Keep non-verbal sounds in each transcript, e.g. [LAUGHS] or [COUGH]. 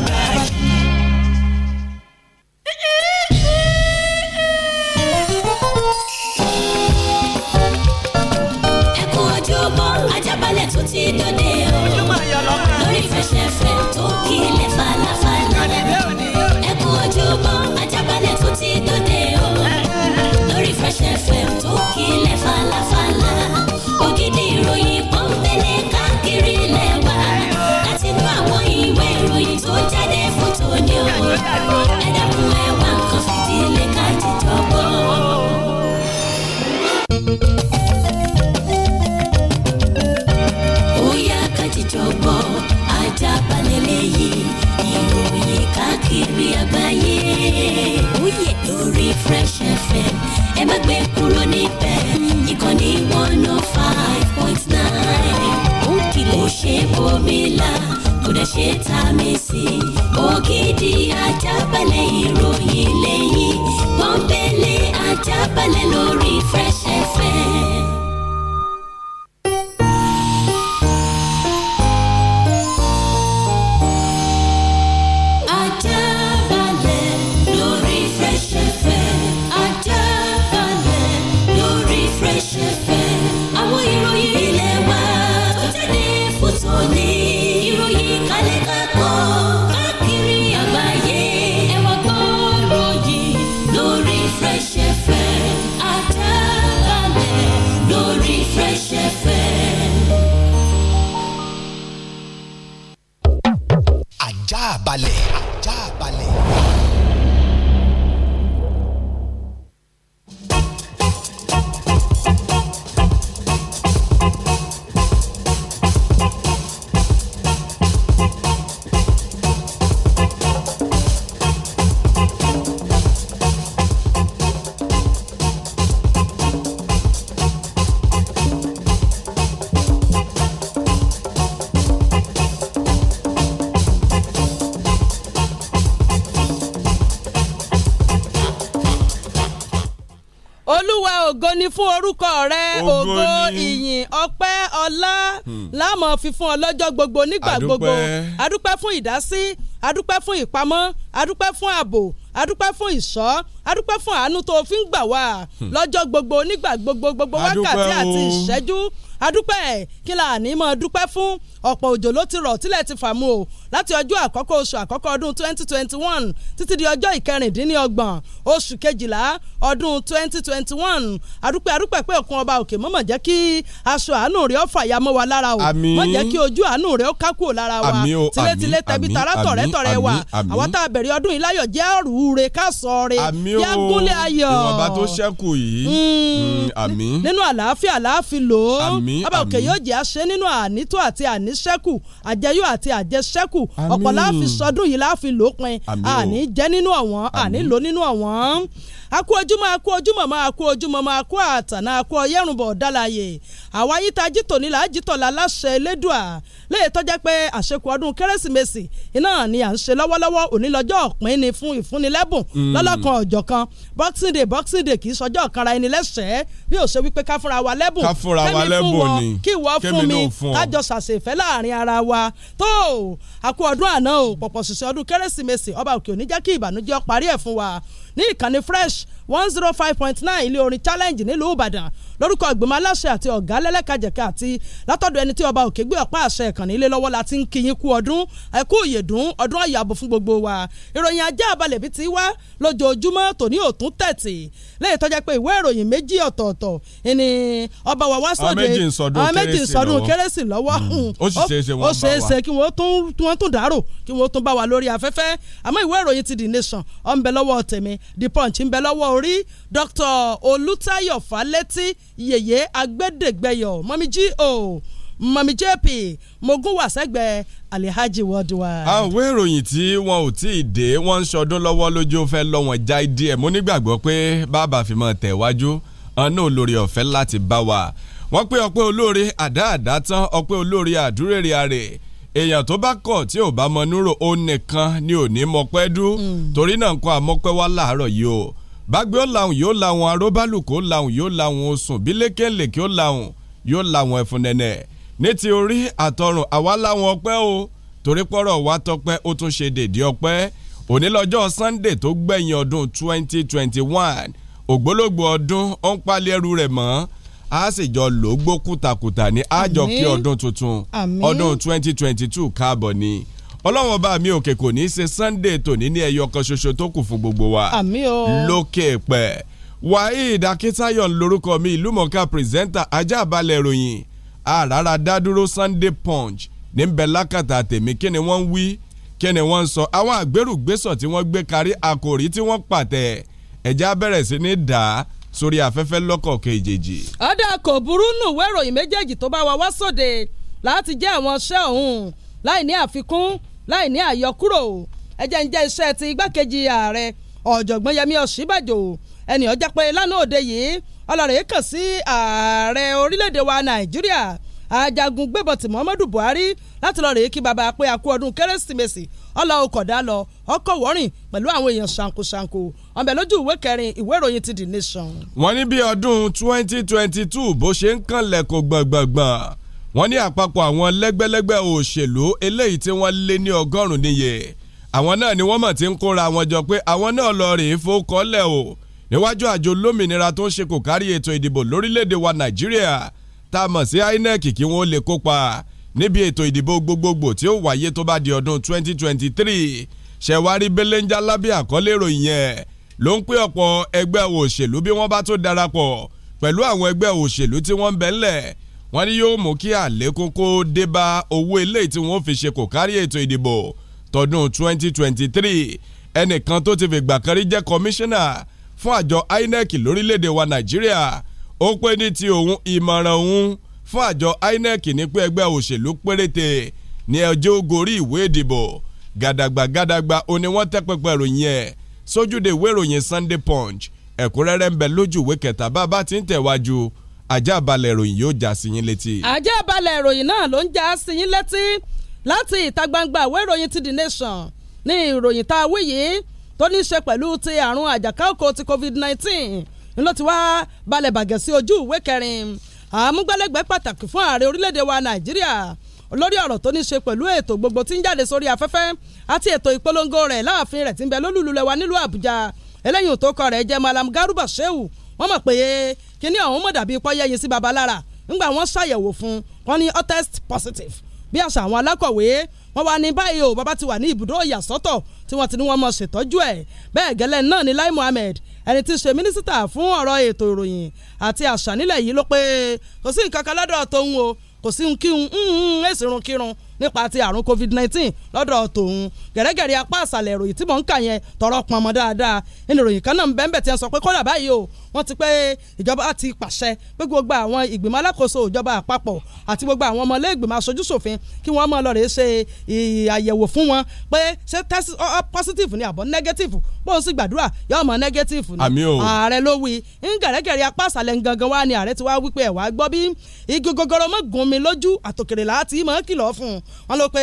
Yeah. mọ̀ fi fún ọ lọ́jọ́ gbogbo nígbà gbogbo adúpẹ́ fún ìdásí adúpẹ́ fún ìpamọ́ adúpẹ́ fún ààbò adúpẹ́ fún ìṣọ́ adúpẹ́ fún àánú tó fi ń gbà wá hmm. lọ́jọ́ gbogbo nígbà gbogbo gbogbo wákàtí àti ìṣẹ́jú adúpẹ́ kí la ní mọ̀ dúpẹ́ fún ọ̀pọ̀ òjò ló ti rọ̀ tílẹ̀ ti fàmù o láti ọjọ́ àkọ́kọ́ oṣù àkọ́kọ́ ọdún 2021 títí di ọjọ́ ìkẹrìndínlọ́gbọ̀n oṣù kejìlá ọdún 2021 arúpẹ́ arúpẹ́ pé òkun ọba òkè mọ́mọ̀ jẹ́ kí aṣọ àánú rẹ̀ ó fàyà wa lára o mọ́ jẹ́ kí ojú àánú rẹ̀ ó ká lára wa tilétilé tẹbi tara tọ̀rẹ́tọ̀rẹ́ wa àwọn tá a bẹ̀rẹ̀ ọdún iláyọ̀ jẹ́ ọ̀rùre ká sọ re yá gúnlẹ̀ ayọ̀ ìwọ̀nba tó ṣẹ́kù yìí hmm. Hmm, nínú àlàáfíà àlàáfíà lò ọba òkè yóò jẹ́ àṣẹ nínú àníṣẹ́kù àjẹyó àti àjẹṣẹ́kù kù ọ̀pọ̀ láàfin sọdún yìí láàfin lópin àní jẹ́ nínú ọ̀wọ́n àní lò nínú ọ̀wọ́n akú ojúmọ́ akú ojúmọ́ mọ́ akú ojúmọ́ mọ́ akú àtàná akú ọyẹ́rùnbọ̀ dálàyè àwa yíta jítòní là á jítọ̀lá láṣẹ elédùà léè tọ́jà pé àṣekù ọdún kérésìmesì iná ni à ń ṣe lọ́wọ́lọ́wọ́ òní lọ́jọ́ òpin ni fún ìfúnnilẹ́bùn mm. lọ́lọ́kan ọ̀jọ̀kan boxing day boxing day kì í sọjọ́ kanra ẹni lẹ́sẹ̀ẹ́ bí ò ṣe wípé ká fúnra wa lẹ́bùn ká fúnra wa lẹ́bùn ni kí ìwọ fún mi kájọ ṣàṣèfẹ́ láàrin ara wa tó àkú ọdún àná ò pọ̀pọ̀ ṣìṣẹ́ ọdún kérésìmesì ọba òkè òní jẹ́ kí ìbànújẹ́ parí ẹ̀ fún wa ní ìkànnì fresh one zero five point nine ilé orin challenge nílùú ìbàdàn lórúkọ ìgbìmọ̀ aláṣẹ àti ọ̀gá lẹ́lẹ́kajẹ̀ka àti látọ̀dọ̀ ẹni tí ọba òkè gbé ọ̀pá àṣẹ ìkànnì ilé lọ́wọ́ la ti ń kí kú ọdún ẹ kú ìyèdún ọdún àyàbò fún gbogbo wa ìròyìn ajá balẹ̀ bí ti wá lójoojúmọ́ tòní òtún tẹ̀tì lẹ́yìn tó pé ìwé ìròyìn méjì ọ̀tọ̀ọ̀tọ̀ ni ọba wa wá sóde àwọn méjì sọdún kérésì lọ́wọ́ hmm, yèyé agbẹ́dẹ̀gbẹ́yọ̀ mọ́mí jí o mọ̀mí jp mogun wà sẹ́gbẹ̀ẹ́ alihaji worldwide. àwọn ìròyìn tí wọn ò tí ì dé wọn ń ṣọdún lọ́wọ́ lójú fẹ́ lọ wọn já díẹ̀ mo nígbàgbọ́ pé bàbá fi mọ̀ tẹ̀wájú ọ̀nà olórí ọ̀fẹ́ láti bá wa wọ́n pé ọpẹ́ olóore àdáàdá tán ọpẹ́ olóore àdúrérè àrè èèyàn tó bá kọ̀ tí ò bá mọ núrò ó nìkan ni ò ní mọpẹ́ dú mm. torí náà nǹkan àmọ́pẹ́ wá láàárọ̀ yìí o bágbé ó làwọn yóò làwọn aróbálùkù ó làwọn yóò làwọn osùn bílékèlèkè ó làwọn yóò làwọn ẹ̀fun nẹ̀nẹ̀ ní ti orí àtọrùn àwa láwọn ọpẹ́ o torí pọ́rọ̀ wa tọpẹ́ ó tún ṣe dèdè ọpẹ́ òní lọ́jọ́ Sunday tó gbẹ̀yìn ọdún 2021 ògbólógbò ọdún ó ń palẹ̀ ẹrú rẹ̀ mọ́ a sì jọ lòógbó kùtàkùtà ní àjọkí ọdún tuntun ọdún 2022 káàbọ̀ ni. Amen ọlọ́run ọba mi òkè kò ní í ṣe Sunday tòní ní ẹyọ kan ṣoṣo tó kù fún gbogbo wa lókè pẹ̀ Waheed Akintayo lorúkọ mi ìlúmọ̀ọ́ká pírẹsẹ́ńtà ajá balẹ̀ ìròyìn àràrà dádúró Sunday Punch níbẹ̀ lákàtà tèmi kí ni wọ́n ń wí kí ni wọ́n ń sọ àwọn àgbérùgbésọ̀ tí wọ́n gbé kárí àkòrí tí wọ́n pàtẹ́ ẹ̀já bẹ̀rẹ̀ sí ní dàá sórí afẹ́fẹ́ lọ́kọ̀ kejì. ọ̀dà kò burú nù wẹ́ròyìn méjèèjì tó bá wa wá sóde láti jẹ́ àwọn iṣẹ́ ọ̀hún láì ní àfikún láì ní àyọkúrò ẹjẹ́ ń jẹ́ iṣẹ́ ti igbákejì ààrẹ ọ̀jọ̀gbọ́n Yẹmí Ọ̀ṣínbàjò ẹnì ọjà pé lánàá òde yìí ọlọ́rẹ̀ kàn sí ààrẹ orílẹ̀-èdè wa Nàìjíríà ajagun gbébọn tí Muhammadu Buhari láti lọ́ọ́ rèé kí baba pé a ọdún kérésìmesì ọlọ ọkọ̀dá lọ ọkọ̀ wọ́rìn pẹ̀lú àwọn èèyàn ṣàǹkóṣàǹkó ọbẹ̀ lójú ìwé kẹrin ìwé ìròyìn ti The Nation. wọ́n ní bí ọdún twenty twenty two bó ṣe ń kanlẹ̀ kó gbọ̀ngbọ̀ngbọ̀n wọ́n ní àpapọ̀ àwọn lẹ́gbẹ́lẹ́gbẹ́ òṣèlú eléyìí tí wọ́n lé ní ọgọ́rùn-ún níye àwọn náà ni wọ́n mọ̀ tí ń kóra àwọn jọ pé àwọn náà lọ rèé fowókọ́lẹ̀ o níwájú àjọ olómìnira tó ń ṣe kò kárí ètò ìdìbò lórílẹ̀‐èdè wa Nàìjíríà tá a mọ̀ sí INEC kí wọ́n lè kópa níbi ètò ìdìbò gbogbogbò tí ó wáyé tó bá di ọdún 2023 ṣẹ̀wárí belenja lábẹ́ àkọlé ìròyìn yẹn ló ń pé ọ̀pọ̀ ẹgbẹ́ òṣèlú bí wọ́n bá tó darapọ̀ pẹ̀lú àwọn ẹgbẹ́ òṣèlú tí wọ́n ń bẹ ńlẹ̀ wọ́n ní yóò mú kí àlékún kó dé bá owó eléyìí tí wọ́n fi ṣe kò kárí ètò ìdìbò tọdún 2023 ẹnìkan tó ti fìgbà kan rí jẹ́ kọmíṣánná fún àjọ INEC lórílẹ̀‐èdè wa Nàìjíríà ó pé ní ti òun ìmọ̀ràn òun fún àjọ INEC ní pé ẹgbẹ́ òṣèlú péréte ní ọjọ́ ogorí ìwé ìdìbò gàdàgbà gàdàgbà ó ní wọ́n tẹ́ pẹpẹ ìròyìn ẹ̀ sójúde ìwé ìròyìn Sunday Punch ẹ̀kúnrẹ́rẹ́ ń bẹ lójú ìwé kẹta bá a bá ti ń tẹ̀wájú ajá balẹ̀ ìròyìn yóò já sí yín létí. ajá balẹ̀ ìròyìn náà ló ń já sí yín létí láti ìta gbangba ìwé ìròyìn ti The Nation ní ìròyìn tá a wí yìí tó ní í ṣe pẹ̀lú ti àrùn àjàkáòkò ti covid nineteen. ni ló ti wá balẹ̀ bàgẹ́ sí ojú ìwé kẹrin àmúgbálẹ́gbẹ́ pàtàkì fún ààrẹ orílẹ̀-èdè wa Nàìjíríà lórí ọ̀rọ̀ tó ní ṣe pẹ̀lú ètò gbogbo tí ń jáde sórí afẹ́fẹ́ àti ètò ìpolongo rẹ̀ láàfin rẹ̀ ti ń bẹ lólùlù rẹ̀ nílùú Àbújá eléyìí tó kọ rẹ̀ jẹ́ Malam Garuba Shehu wọ́n mọ̀ pé kíní ọ̀hún mọ̀ dàbí pọ́ yẹ́yin sí baba lára ńgbà wọ́n ṣàyẹ̀wò fún wọn ní ó test positive bí àṣà àwọn alákọ̀wé wọ́n wá ní báyìí o bàbá ti wà ní ibùdó ìyàsọ́tọ̀ tí wọ́n ti ní wọ́n mọ̀ ṣètọ́jú ẹ̀ bẹ́ẹ̀ gẹ́lẹ́ náà ni Lai Mohammed ẹni tí í ṣe mínísítà fún ọ̀rọ̀ ètò ìròyìn àti àṣà nílẹ̀ yìí ló pé kò sí nǹkan kan lọ́dọ̀ tóun o kò sí nkírun ń ń èsì run kírun nípa ti àrùn covid-19 lọ́dọ̀ tòun gẹ̀rẹ́gẹ̀rẹ́ apá àṣàlẹ̀ ìròyìn tí mò ń kà yẹn tọrọ pọn mọ́ dáadáa nínú ìròyìn kan náà bẹ́ẹ̀ tí wọ́n sọ pé kódà báyìí o wọ́n ti pé ìjọba ti pàṣẹ pé gbogbo àwọn ìgbìmọ̀ alákòóso ìjọba àpapọ̀ àti gbogbo àwọn ọmọ ilé ìgbìmọ̀ aṣojúṣòfin kí wọ́n mọ̀ lọ rèé ṣe àyẹ̀wò fún wọn pé ṣé test positive ni àbọ̀ negative bóun sì gbàdúrà yóò mọ̀ negative ni àmì o ààrẹ ló wí ngẹ̀rẹ́gẹ̀rẹ́ apá àṣàlẹ̀ gangan wá ni ààrẹ ti wá wípé ẹ̀ wá gbọ́ bí igi gogoro mọ́ gùn mi lójú àtòkèrè láti mọ́ kìlọ̀ fún un wọ́n ló pé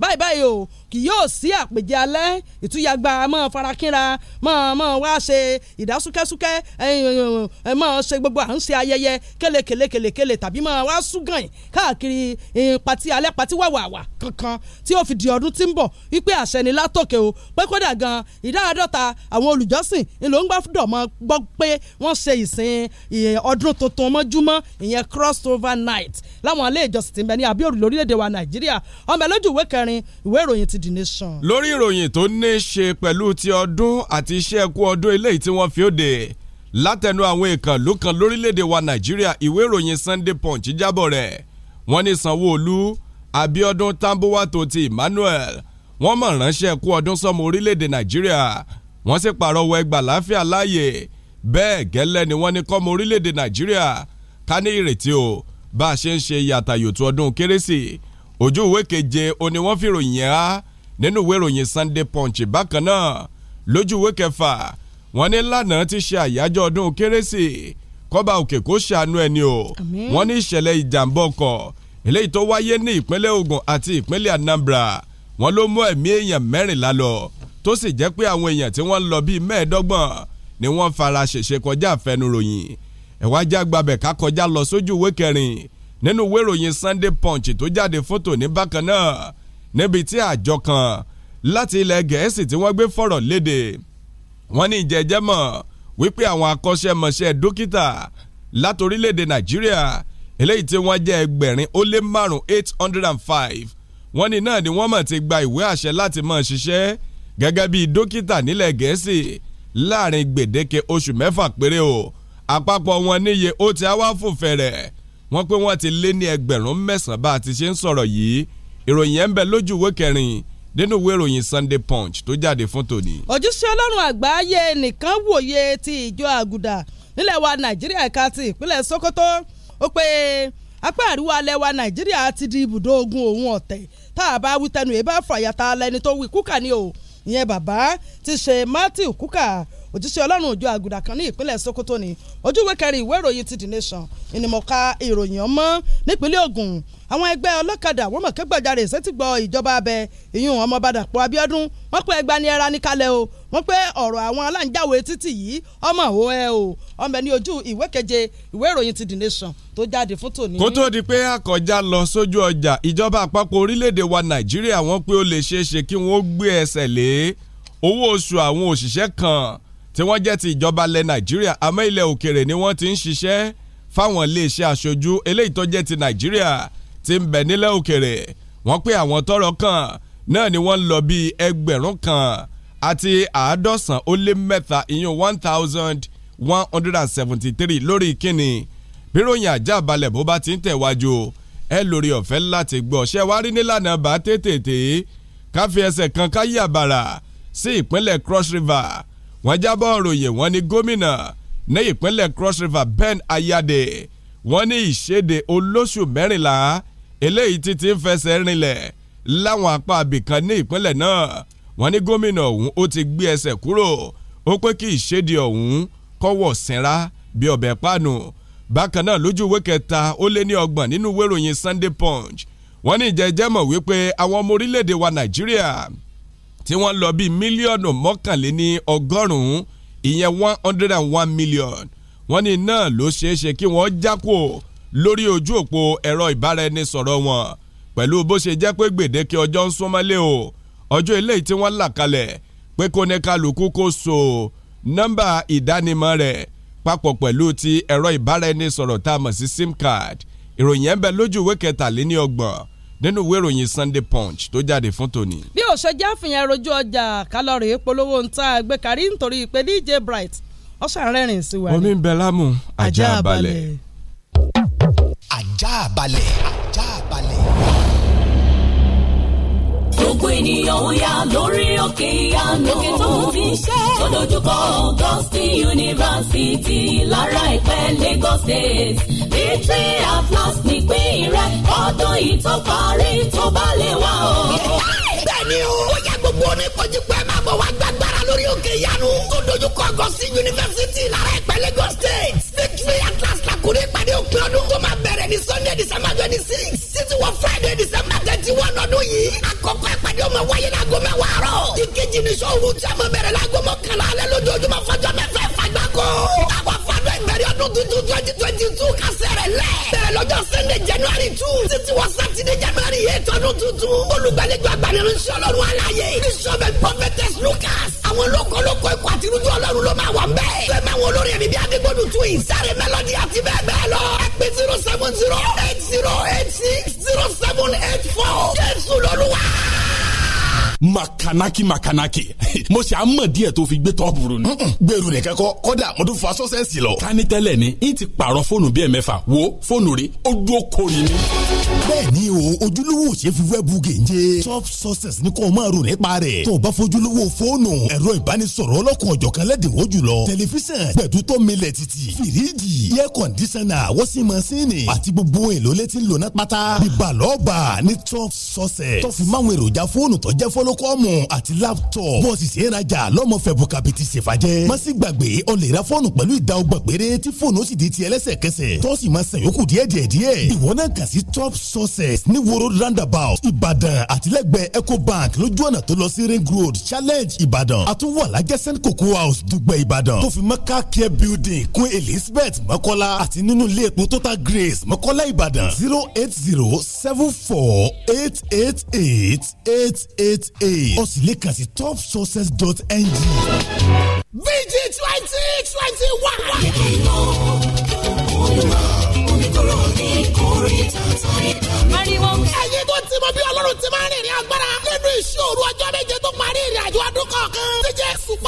báyìí báyìí o kì yóò sí àpèjẹ alẹ́ ìtúyàgbà máa farakínra máa máa wá ṣe ìdásúkẹ́súkẹ́ máa ṣe gbogbo à ń ṣe ayẹyẹ kélekèlekèlekèle tàbí máa wá súgàn káàkiri pati alẹ́ pati wàwàwà kankan tí ó fi di ọdún tí ń bọ̀ wípé àṣẹ ni látòkè o pé kódà gan ìdá àádọ́ta àwọn olùjọ́sìn ló ń gbọ́dọ̀ mọ gbọ́ pé wọ́n ṣe ìsìn ọdún tuntun mọ́júmọ́ ìyẹn crossover night láwọn ilé ìjọsìn ti ń bẹ ní wa Nàìjíríà ọmọ ẹ lójú ìwé kẹrin ìwé the nation. lórí ìròyìn tó ní í ṣe pẹ̀lú ti ọdún àti iṣẹ́ ẹ̀kú ọdún eléyìí tí wọ́n fi ó de látẹnu àwọn ìkànnì kan lórílẹ̀‐èdè wa nàìjíríà ìwé ìròyìn Sunday Punch jábọ̀ rẹ̀ wọ́n ní Sanwó-Olú Abíọ́dún Tambuwato ti Emmanuel wọ́n mọ̀ ránṣẹ́ ẹ̀kú ọdún sọ́mọ orílẹ̀‐èdè nàìjíríà wọ́n sì pàrọwọ́ ẹgbà láfíà láàyè bẹ́ẹ̀ gẹ́lẹ́ ni wọ́n ní kọ́mọ orílẹ̀‐èdè nàìjíríà ká ní ìrètí o bá a ṣe ń ṣe yàtàyòtú ọdún kérésì ojú ìwé keje ó wọ́n fi ròyìn á nínú ìwé ìròyìn Sunday Punch bákan náà lójú ìwé kẹfà wọ́n ní lánàá ti ṣe àyájọ́ ọdún kérésì kọ́ba òkè kó ṣàánú ẹni o wọ́n ní ìṣẹ̀lẹ̀ ìjàmbá ọkọ̀ eléyìí tó wáyé ní ìpínlẹ̀ Ògùn àti ìpínlẹ̀ Anambra wọ́n ló mú ẹ̀mí èèyàn mẹ́rìnlá lọ tó sì jẹ́ pé àwọn èèyàn tí wọ́n lọ bíi mẹ́ẹ̀ẹ́dọ́gbọ̀n ni wọ́n fara ṣèṣe kọjá àfẹnuròyìn ẹ̀wájá gbabẹ̀ ká lọ sójú ìwé kẹrin nínú ìwé ìròyìn Sunday Punch tó jáde fótò ní bákan náà níbi tí àjọ kan láti ilẹ̀ gẹ̀ẹ́sì tí wọ́n gbé fọ̀rọ̀ léde wọ́n ní ìjẹ́jẹ́ mọ̀ wípé àwọn akọ́ṣẹ́mọṣẹ́ dókítà látòrílẹ̀‐èdè nàìjíríà eléyìí tí wọ́n jẹ́ ẹgbẹ̀rin ó lé márùn-ún eight hundred and five wọ́n ní náà ni wọ́n mọ̀ ti gba ìwé àṣẹ láti máa ṣiṣẹ́ gẹ́gẹ́ bí dókítà nílẹ̀ gẹ̀ẹ́sì láàrin gbèdéke oṣù mẹ́fà péré o àpapọ̀ wọn níye ó ti á wá fò fẹ̀rẹ̀ wọ́n pé wọ́n ti lé ní ẹgbẹ̀rún mẹ́sàn-án bá a ti ṣe ń sọ̀rọ̀ yìí ìròyìn yẹn ń bẹ lójú ìwé kẹrin nínú ìwé ìròyìn Sunday Punch tó jáde fún tòní. ojúṣe ọlọ́run àgbáyé nìkan wòye ti ìjọ àgùdà nílẹ̀ wa nàìjíríà ẹ̀ka ti ìpínlẹ̀ Sokoto ó pé apá àríwá alẹ́ wa nàìjíríà ti di ibùdó ogun òun ọ̀tẹ̀ tá a bá wí tẹnu èébá fàyàtà lẹni tó wí kúkà ni o ìyẹn bàbá ti ṣe Matthew kúkà òjíṣẹ́ ọlọ́run òjò àgùdà kan ní ìpínlẹ̀ Sokoto ni ojúwe kẹrin ìwé ìròyìn ti The Nation ìnìmọ̀ka ìròyìn ọmọ nípínlẹ̀ Ògùn àwọn ẹgbẹ́ ọlọ́kadà wọ́n mọ̀ kẹ́gbàjarè sétígbọ́ ìjọba abẹ ìyún ọmọọba Dàpọ̀ Abíọ́dún wọ́n pé ẹgbani ẹra ní kalẹ̀ o wọ́n pé ọ̀rọ̀ àwọn aláǹjáwé títì yìí ọmọ òwò ẹ o ọmọ ẹni ojú ìwé keje ìwé ìròyìn ti The Nation tó jáde fún tòní. kó tó di pé akọjá lọ sójú ọjà ìjọba àpapọ̀ orílẹ̀-èdè wa Nàìjíríà wọ́n pé ó lè ṣeé ṣe kí wọ́n gbé ẹsẹ̀ lé owó oṣù àwọn òṣìṣẹ́ kan tí wọ́n jẹ́ ti ìjọba ilẹ̀ nàìjíríà àmọ́ ilẹ̀ òkèrè ni wọ́n ti ń ṣiṣẹ́ fáwọn iléeṣẹ́ aṣojú eléyìí tó jẹ́ ti nàìjíríà ti ń bẹ nílẹ̀ òkèrè wọ́n pé àwọn tọrọ kan náà ni wọ́n ń lọ bíi ẹgbẹ̀rún kan àti àádọ́sàn ó lé mẹ́ta ìyún one thousand one hundred and seventy three lórí ìkíni bíròyìn ajá balẹ̀ bó bá ti ń tẹ̀wájú ẹ lórí ọ̀fẹ́ láti gbọ́ ṣé wàá rí nílànà bá tètè ká fi ẹsẹ̀ kan ká yí àbàrà sí ìpínlẹ̀ Cross River wọ́n jábọ̀ ròyìn wọ́n ní gómìnà ní ìpínlẹ̀ Cross River Ben Ayade wọ́n ní ìṣèdè olóṣù mẹ́rìnlá eléyìí tí ti ń fẹsẹ̀ rinlẹ̀ láwọn apá abìkan ní ìpínlẹ̀ náà wọ́n ní gómìnà ọ̀hún ó ti gbé ẹsẹ̀ kúrò ó pé kí ìṣèdè ọ̀hún kọ́wọ́ sinra bí ọbẹ̀ páànù bákan náà lójú ìwé kẹta ó lé ní ọgbọ̀n nínú ìwé ìròyìn Sunday Punch wọ́n ní ìjẹ́jẹ́ mọ̀ wípé àwọn ọmọ orílẹ̀-èdè wa Nàìjíríà tí wọ́n lọ bíi mílíọ̀nù mọ́kànléní ọgọ́rùn-ún ìyẹn one hundred and one million wọ́n ní náà ló ṣeé ṣe kí wọ́n jákò lórí ojú òpó ẹ̀rọ ìbáraẹnisọ̀rọ̀ wọn pẹ̀lú bó ṣe jẹ́ pé gbèdéke ọjọ́ ń súnmọ́lé o ọjọ́ eléyìí tí wọ́n là kalẹ̀ pé kó ní kálukú kó so nọ́mbà ìdánimọ̀ rẹ̀ papọ̀ pẹ̀lú ti ẹ̀rọ ìbáraẹnisọ̀rọ̀ tá a mọ̀ sí sim card ìròyìn ẹ̀ ń bẹ lójú ìwé kẹtàléní ọgbọ̀n nínú ìwé ìròyìn Sunday Punch tó jáde fún tòní. bí òṣèjì àfihàn rojú ọjà kálọ̀rì polówó ń ta gbé kárí nítorí pé DJ Bright ọ̀sán rẹ́rìn sí wa. omi ń bẹ lámù ajá balẹ̀. ajá balẹ̀ ajá balẹ̀ gbogbo ènìyàn ó yá lórí òkè ìyanu. òkè tó mú ti ṣe. tó dojúkọ Augustine University lára ìpẹ́ Lagos State. victory at last nípìn rẹ̀ ọdún yìí tó parí tó bá lè wá o. bẹ́ẹ̀ni o ó yẹ gbogbo oníkojú pé máa bọ̀ wá gbàgbára lórí òkè ìyanu. tó dojúkọ Augustine University lára ìpẹ́ Lagos State àkórí ìpàdé òpin ọdún tó máa bẹ̀rẹ̀ ní sunday december twenty six títí wọ friday december thirty one ọdún yìí àkọ́kọ́ ìpàdé ọmọ wáyé láago mẹ́wàá rọ̀ ìkejì ní sọ́ọ̀rù tí a máa bẹ̀rẹ̀ láago mọ́kànlá alẹ́ lójoojúmọ́ fọjọ́ mẹ́fẹ́ fagbá kó. káwa fàdúrà ìbẹ̀rẹ̀ ọdún tuntun twenty twenty two kásẹ̀ rẹ̀ lẹ̀. bẹ̀rẹ̀ lọ́jọ́ sunday january two títí wọ sátidé january eight ọdún tuntun. olùgbàlejò agbaniránṣẹ́ ọlọ́run aláyé. bishop and prophetess lucas. àwọn lókolóko ẹ̀kọ́ àti irújú ọlọ́run ló máa wà ń bẹ́ẹ̀. fẹ́ẹ́ máa wọn olórí ẹ̀mí bí adégbòdù tún ìsáré mélòdì àti bẹ́ẹ̀ bẹ́ẹ̀ lọ. ẹ pè zero seven zero eight zero eight six zero seven eight four. jésù lọ́lúwa makanaki makanaki [LAUGHS] mo ṣe àmọ̀ díẹ̀ tó fi gbé tọ́pù rò ni. gbèrú nìkan kọ kọ́dà mo tún fọ aṣọ lọ. kání tẹ́lẹ̀ ni n ti pààrọ̀ fóònù bíi ẹ̀mẹ́fà wo fóònù rí ojú okòrin ni. bẹ́ẹ̀ni o ojúlówó ṣe fi wẹ́ẹ̀bù gèje top success ni kò máa rò nípa rẹ̀ tó o bá fojúlówó fóònù ẹ̀rọ ìbánisọ̀rọ̀ ọlọ́kùn ọ̀jọ̀kan lẹ́dínwó jùlọ tẹlifíṣàn gbẹ̀dútọ́ milẹ̀ títì fìríjì air conditioner wọ́sí masínì àti gbogbo èlò létí lónà pátá bíbalọ́ọ̀bà ní top success tó fi máwọn èròjà fóònù tó jẹ́ fọ́lọ́ kọ́mù àti laptop bọ́ọ̀sì sì ń rajà lọ́mọ fẹ̀bù kàbìtì ṣèfàjẹ́ má sì gbàgbé ọ lè ra fọ́ọ̀nù pẹ̀lú ìdá ọgbà péré tí fóònù ó sì di ti ẹlẹ́sẹ̀kẹsẹ̀ tọ́sí máa san yòókù díẹ̀ díẹ̀ díẹ̀ ìwọ náà kà sí top sources ní woro roundabout ìbàdàn àtìlẹ́gbẹ̀ẹ́ ecobank lójú ọ̀nà tó lọ sí ring road challenge ìbàdàn àtúwọ̀ alájẹsẹ́n cocoa house dùgbẹ̀ ìbàdàn tó fi maka care building kún elizabeth mọ́kọ́lá àti nínú ilé epo total grace mọ́kọ́lá ìbàdàn zero eight zero seven four eight eight eight eight eight eight o sì lè kàn sí topsources.ng. bg twenty twenty one. ìdìbò ẹyin tó ti mọ bí ọlọ́run ti máa ń rìnrìn agbára nínú ìṣòro ọjọ́ méje tó parí ìrìn àjò ọdún kọ̀ọ̀kan. ti jẹ́ fún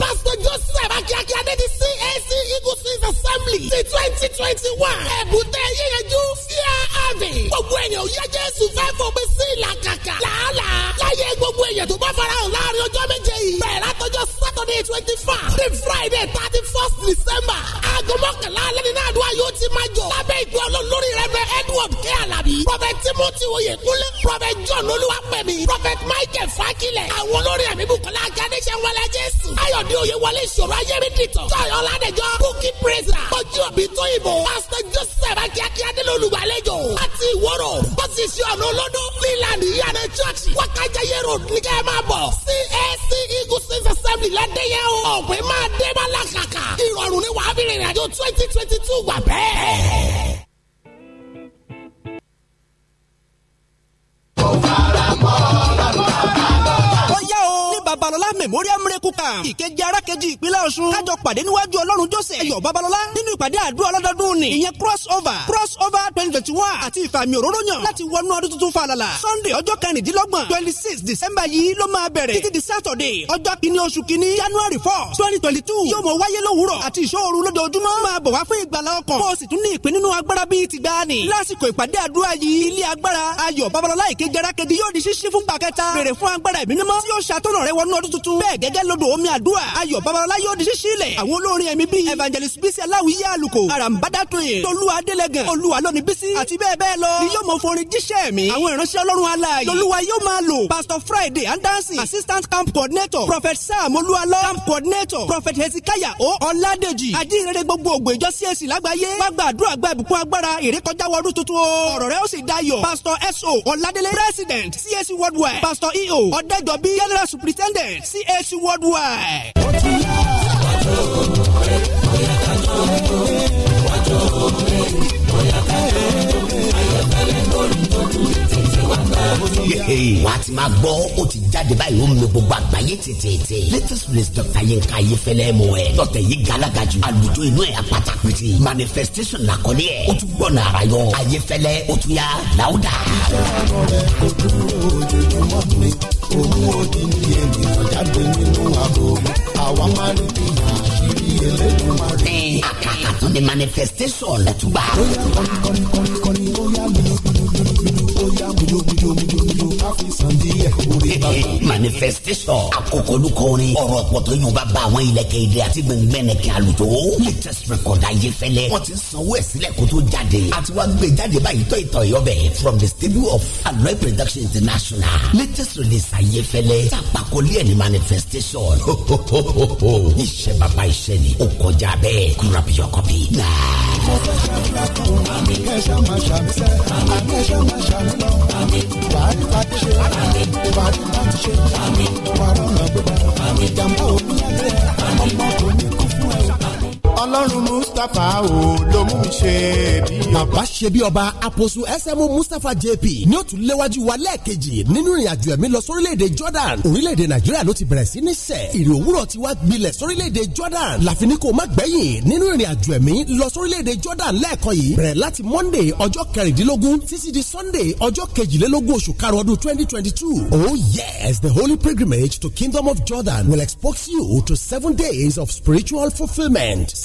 pásítọ̀ joseph akíákí adé ní ca. Muslims Assembly ti twenty twenty one. ẹ̀bùn tẹ yíyanjú fíà àdè. gbogbo èèyàn ò yẹ Jésù fẹ́ fòpin sí ìlàkàkà. làálàá láyé gbogbo èèyàn tó bá farahàn láàrin ọjọ́ méje yìí. bẹ̀rẹ̀ látọjọ́ sí Saturday twenty five sí Friday thirty first December. Aago mọ́kànlá alẹ́ nínú àdúrà yóò ti máa jọ. Lábẹ́ ìgbé olórí rẹ̀ bẹ Edward K. Alabi. Prophet Timothy Oyekunle. Prophet John Olúwapẹ̀mí. Prophet Michael Fakilẹ̀. Àwọn olórí ẹ̀mí Bukola Ganesha Wọlé Jésù. Ayọ̀dé Oyewọlé Ìṣòro Ayémi Dìtọ̀. Tọ́yọ̀ Ládẹjọ́. Bukki Praiser. Ojú òbí Tóyìnbó. Pastor Joseph Akíákíá Délé Olùgbàlejò. Àti Ìwọ́rọ̀. Bọ́sísì ọ̀nà olódó. Leland Iyana Church. Wákàjáyé Road ní kẹ́ máa bọ̀. CAC Eagles Assembly déyẹ o. ọ̀pẹ máa dé bá làkàkà. ìrọ̀rùn ni wàá fi rìnrìn àjò twenty twenty two gbà bẹ́ẹ̀. memorial miracle camp ìkejì arákejì ìpínlẹ̀ ọ̀ṣun kájọ pàdé níwájú ọlọ́run jọ́sẹ̀ ẹ̀yọ̀ babalọ́lá nínú ìpàdé àdúrà ọlọ́dọọdún ni ìyẹn cross over cross over twenty twenty one àti ìfàmì òróró yàn láti wọnú ọdún tuntun falala sunday ọjọ́ kẹrìndínlọ́gbọ̀n twenty six december yìí ló máa bẹ̀rẹ̀ títí di saturday ọjọ́ kìíní oṣù kìíní january four twenty twenty two yóò mọ wáyé lówùrọ̀ àti ìṣòro bẹ́ẹ̀ gẹ́gẹ́ lodò omi àdúrà ayọ̀ babalọla yóò di ṣíṣí lẹ̀ àwọn olórin ẹ̀mí bíi evangelist bisi aláwìyé àlùkò arambadatoyin tolú adélẹ́gàn olúwa lóni bisi àti bẹ́ẹ̀ bẹ́ẹ̀ lọ ni yóò mọ forin jíṣẹ́ mi àwọn ìránṣẹ́ ọlọ́run aláàyè lolúwa yóò máa lò pastor friday andansi assistant camp coordinator prophet sam olúwalọ camp coordinator prophet hezekiah o ọládèjì ajínrere gbogbo ògbó ìjọ csc lágbàáyé gbàgbà àdúrà gba ìbùkún agbára ìrékọjá wọdún tuntun o ọ̀rọ̀ rẹ ó sì dayọ̀ pastor so ọládélé president csc worldwide pastor eo ọ̀dẹ́jọ́bí general superintendent CAC worldwide. wàá ti máa gbọ́ ó ti jáde báyìí ó mi gbogbo àgbáyé tètè. latest release dr yinka ayefẹlẹ mu ẹ dr yìí galaga ju àlùjọ inú ẹ apata pété manifestation làkọlé ẹ ó tún gbọ́nà ara yọ ayefẹlẹ ó tún yà láwùdà. Òun òdi ni ènìyàn jáde nínú àgọ́, àwa máa ń bí àṣírí ẹlẹ́dùn máa rí. Àkàkà tún ni manifestation ẹ̀ tún gbà bóyá mujomujo mujomujo ká fi sàn díẹ̀ orí bàbá. manifestation akokolukọ orin ọ̀rọ̀ ọ̀pọ̀tọ̀ yóò bá bá àwọn ilẹ̀kẹ̀ èdè àti gbẹ̀ngbẹ̀nẹ̀kẹ̀ àlùjọ. latest record ayé fẹ́lẹ́ wọ́n ti sanwó ẹ̀ sílẹ̀ kó tó jáde àti wá gbé jáde báyìí tọ́ ìtọ̀ ìyọ́bẹ̀ from the studio of aloe production international latest release ayé fẹ́lẹ́ tàpákọ́lé ẹ̀ ní manifestation iṣẹ́ bàbá iṣẹ́ ni ó kọjá bẹ́ẹ̀ grab your copy now mo fẹ́ ṣàdúrà kan àmì kẹ́sà máa ṣàmì sẹ́ àmì kẹ́sà máa ṣàmì lọ àmì wàhálì bá ti ṣe àmì wàhálì bá ti ṣe ọlọ́run mustapha ò ló mú mi ṣe bí ọba. bàbá ṣe bí ọba àpòsù SMO mustapha jp ní òtún léwájú wa lẹ́ẹ̀kejì nínú ìrìnàjò ẹ̀mí lọ sórílẹ̀‐èdè jordan orílẹ̀‐èdè nàìjíríà ló ti bẹ̀rẹ̀ sí ní sẹ̀ ìrì òwúrọ̀ ti wá gbilẹ̀ sórílẹ̀‐èdè jordan láfi ní kò má gbẹ̀yìn nínú ìrìnàjò ẹ̀mí lọ sórílẹ̀‐èdè jordan lẹ́ẹ̀kan yìí bẹ̀rẹ̀ láti monday ọjọ́ kẹrìndínlógún títí di sunday ọjọ́ kejìlélógún oṣù karùn-ún ọdún twenty twenty two oh yes the holy pilgrimage to kingdom of jordan will expose you to seven days of spiritual fulfilment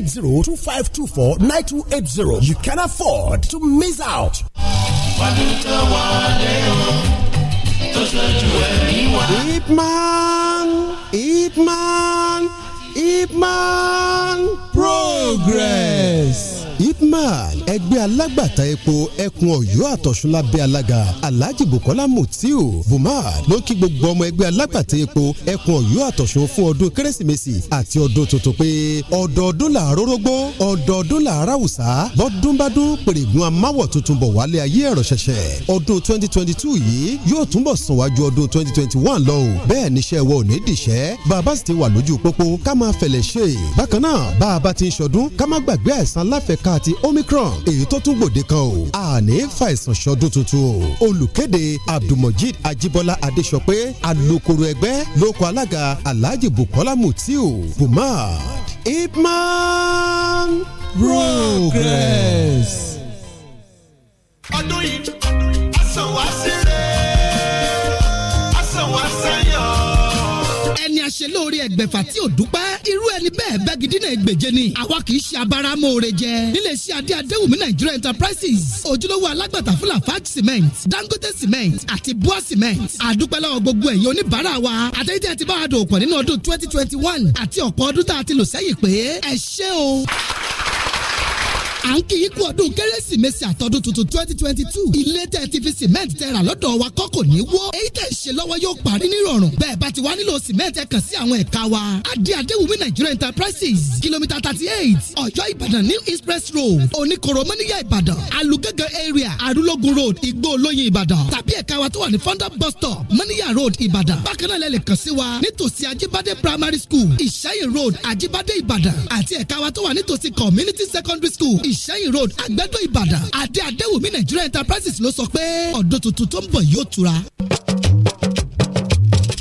eight zero two five two four nine two eight zero. You can afford to miss out. man, man, Ipman, man. progress. ipman ẹgbẹ́ alágbàtà epo ẹkùn ọ̀yọ́ àtọ̀ṣun lábẹ́ alága alhaji bukola mutiu bumad ló kí gbogbo ọmọ ẹgbẹ́ alágbàtà epo ẹkùn ọ̀yọ́ àtọ̀ṣun fún ọdún kérésìmesì àti ọdún tuntun pé ọdọọdún là rórógbó ọdọọdún là ráwùsá bọ́dúnbádún pèrègùn amáwọ̀ tuntun bọ̀ wálé ayé ẹ̀rọ ṣẹ̀ṣẹ̀ ọdún twenty twenty two yìí yóò túnbọ̀ sàn wájú ọdún twenty twenty one lọ o bẹ́ẹ̀ níṣẹ́ wọ ò àyíká ti omicron èyí tó tún gbòde kan o àní fàìsàn ṣọdún tuntun o olùkéde abdulmojid ajibola adesope alukoro ẹgbẹ́ lóko alága alhaji bukola mutiu bumad ipman progress. ọdún yìí a sàn wá ẹni àṣelóore ẹgbẹ̀fà tí ò dúpẹ́ irú ẹni bẹ́ẹ̀ bẹ́gidínà ẹgbẹ̀je ni àwa kì í ṣe abáramóore jẹ nílé iṣẹ́ adé adéwùmí Nigeria Enterprises ojúlówó alágbàtà fúlà fat cement Dangote cement àti bua cement àdúpẹ́lọ́wọ́ gbogbo ẹ̀yin oníbàárà wa àtẹ̀yìntẹ̀ ti bá a dòpọ̀ nínú ọdún twenty twenty one àti ọ̀pọ̀ ọdún tá a ti lò sẹ́yìn pé ẹ ṣé o à ń kí yín kú ọdún kérésìmesì àtọdún tuntun twenty twenty two ilé tẹ́ ti fi sìmẹ́ǹtì tẹ́ rà lọ́dọ̀ wa kọ́ kò ní wó èyí tẹ́ ń ṣe lọ́wọ́ yóò parí nírọ̀rùn bẹ́ẹ̀ bá ti wá nílò sìmẹ́ǹtì ẹ kàn sí àwọn ẹ̀ka wa adé adéwùmí nigeria enterprises kìlómítà thirty eight ọ̀yọ́ ìbàdàn new express road oníkoro mọ́níyà ìbàdàn alugẹ́gẹ́ area arúlógún road igbó olóyin ìbàdàn tàbí ẹ̀ka wa tó wà ní fonda bus stop mọ́níyà road ìbàdàn bákan náà lẹ́ lè kàn sí primary school ìṣẹ́yìn road ajibade ìbàdàn àti ẹ̀ka wa tó wà nítòsí community secondary school ìṣẹ́yìn road àgbẹ̀dọ̀ ìbàdàn adé adéwùmí nàìjíríà enterprises ló sọ pé ọdún tuntun tó ń bọ̀ yóò tura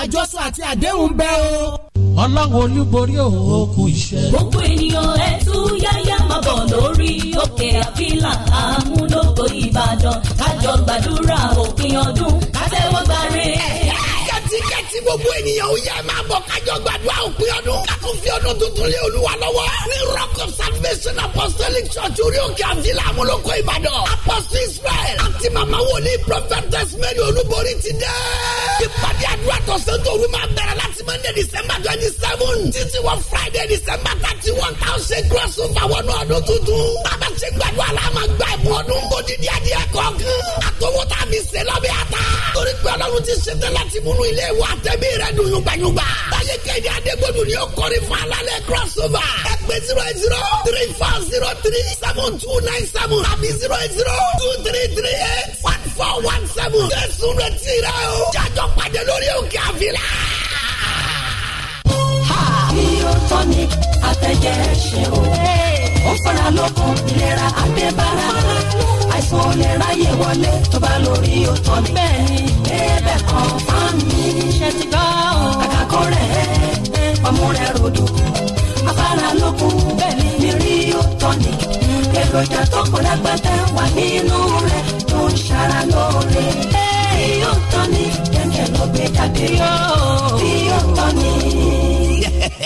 àjọsọ àti àdéhùn bẹ́ẹ̀ o. ọlọ́run olúborí òkú iṣẹ́. gbogbo ènìyàn ẹ tú yáyá máa bọ̀ lórí òkè àfílà àmúlòkọ ìbàdàn kájọ gbàdúrà òpin ọdún kí gbogbo ènìyàn ó yẹ máa bọ̀ kájọ gbàdúrà òpin ọdún kátó fi ọdún tuntun lé olúwa lọ́wọ́ ní rock of salvation apostolic church orí òkè àfilà àmúlòkọ ìbàdàn apostle israel àti màmá wòlíì prophetess mary olúborí ti dé. ìpàdé àdúrà tọ̀sán tòru máa bẹ̀rẹ̀ láti monday december twenty seven títí wọ friday december thirty one thousand cross over wọnú ọdún tuntun. bàbá ṣe gbàdúrà la máa gba ẹ̀bùn ọdún odidi adìyẹ kọ̀ọ̀kan àtọwọ́ta mi ṣe lọ́bẹ̀ àtà torí pé ọlọ́run ti ṣe tẹ́lẹ̀ múnú ilé wa t tẹ̀mí rẹ̀ dùn yùgbàyùgbà. Táyé kẹ́hìndé Adégbòdù ni ó kọrin fún alálẹ̀ crossover. Ẹ pè zero eight zero three four zero three seven two nine seven àbí zero eight zero two three three eight one four one seven. Jésù rẹ̀ ti rẹ̀ o. Jájọ́ pàdé lórí òkè àfilà biotonic àtẹ̀jẹ́ ṣe o. ó fara lókun ìlera àgbẹ̀bára àìsàn ò ráyè wọlé tó bá lo biotonic. bẹ́ẹ̀ni èròjà tó kù lágbàdá wà nínú rẹ̀ tó ń ṣara lóore. Yóò tán ni kẹ̀kẹ́ ló gbé jáde. Yóò tán ni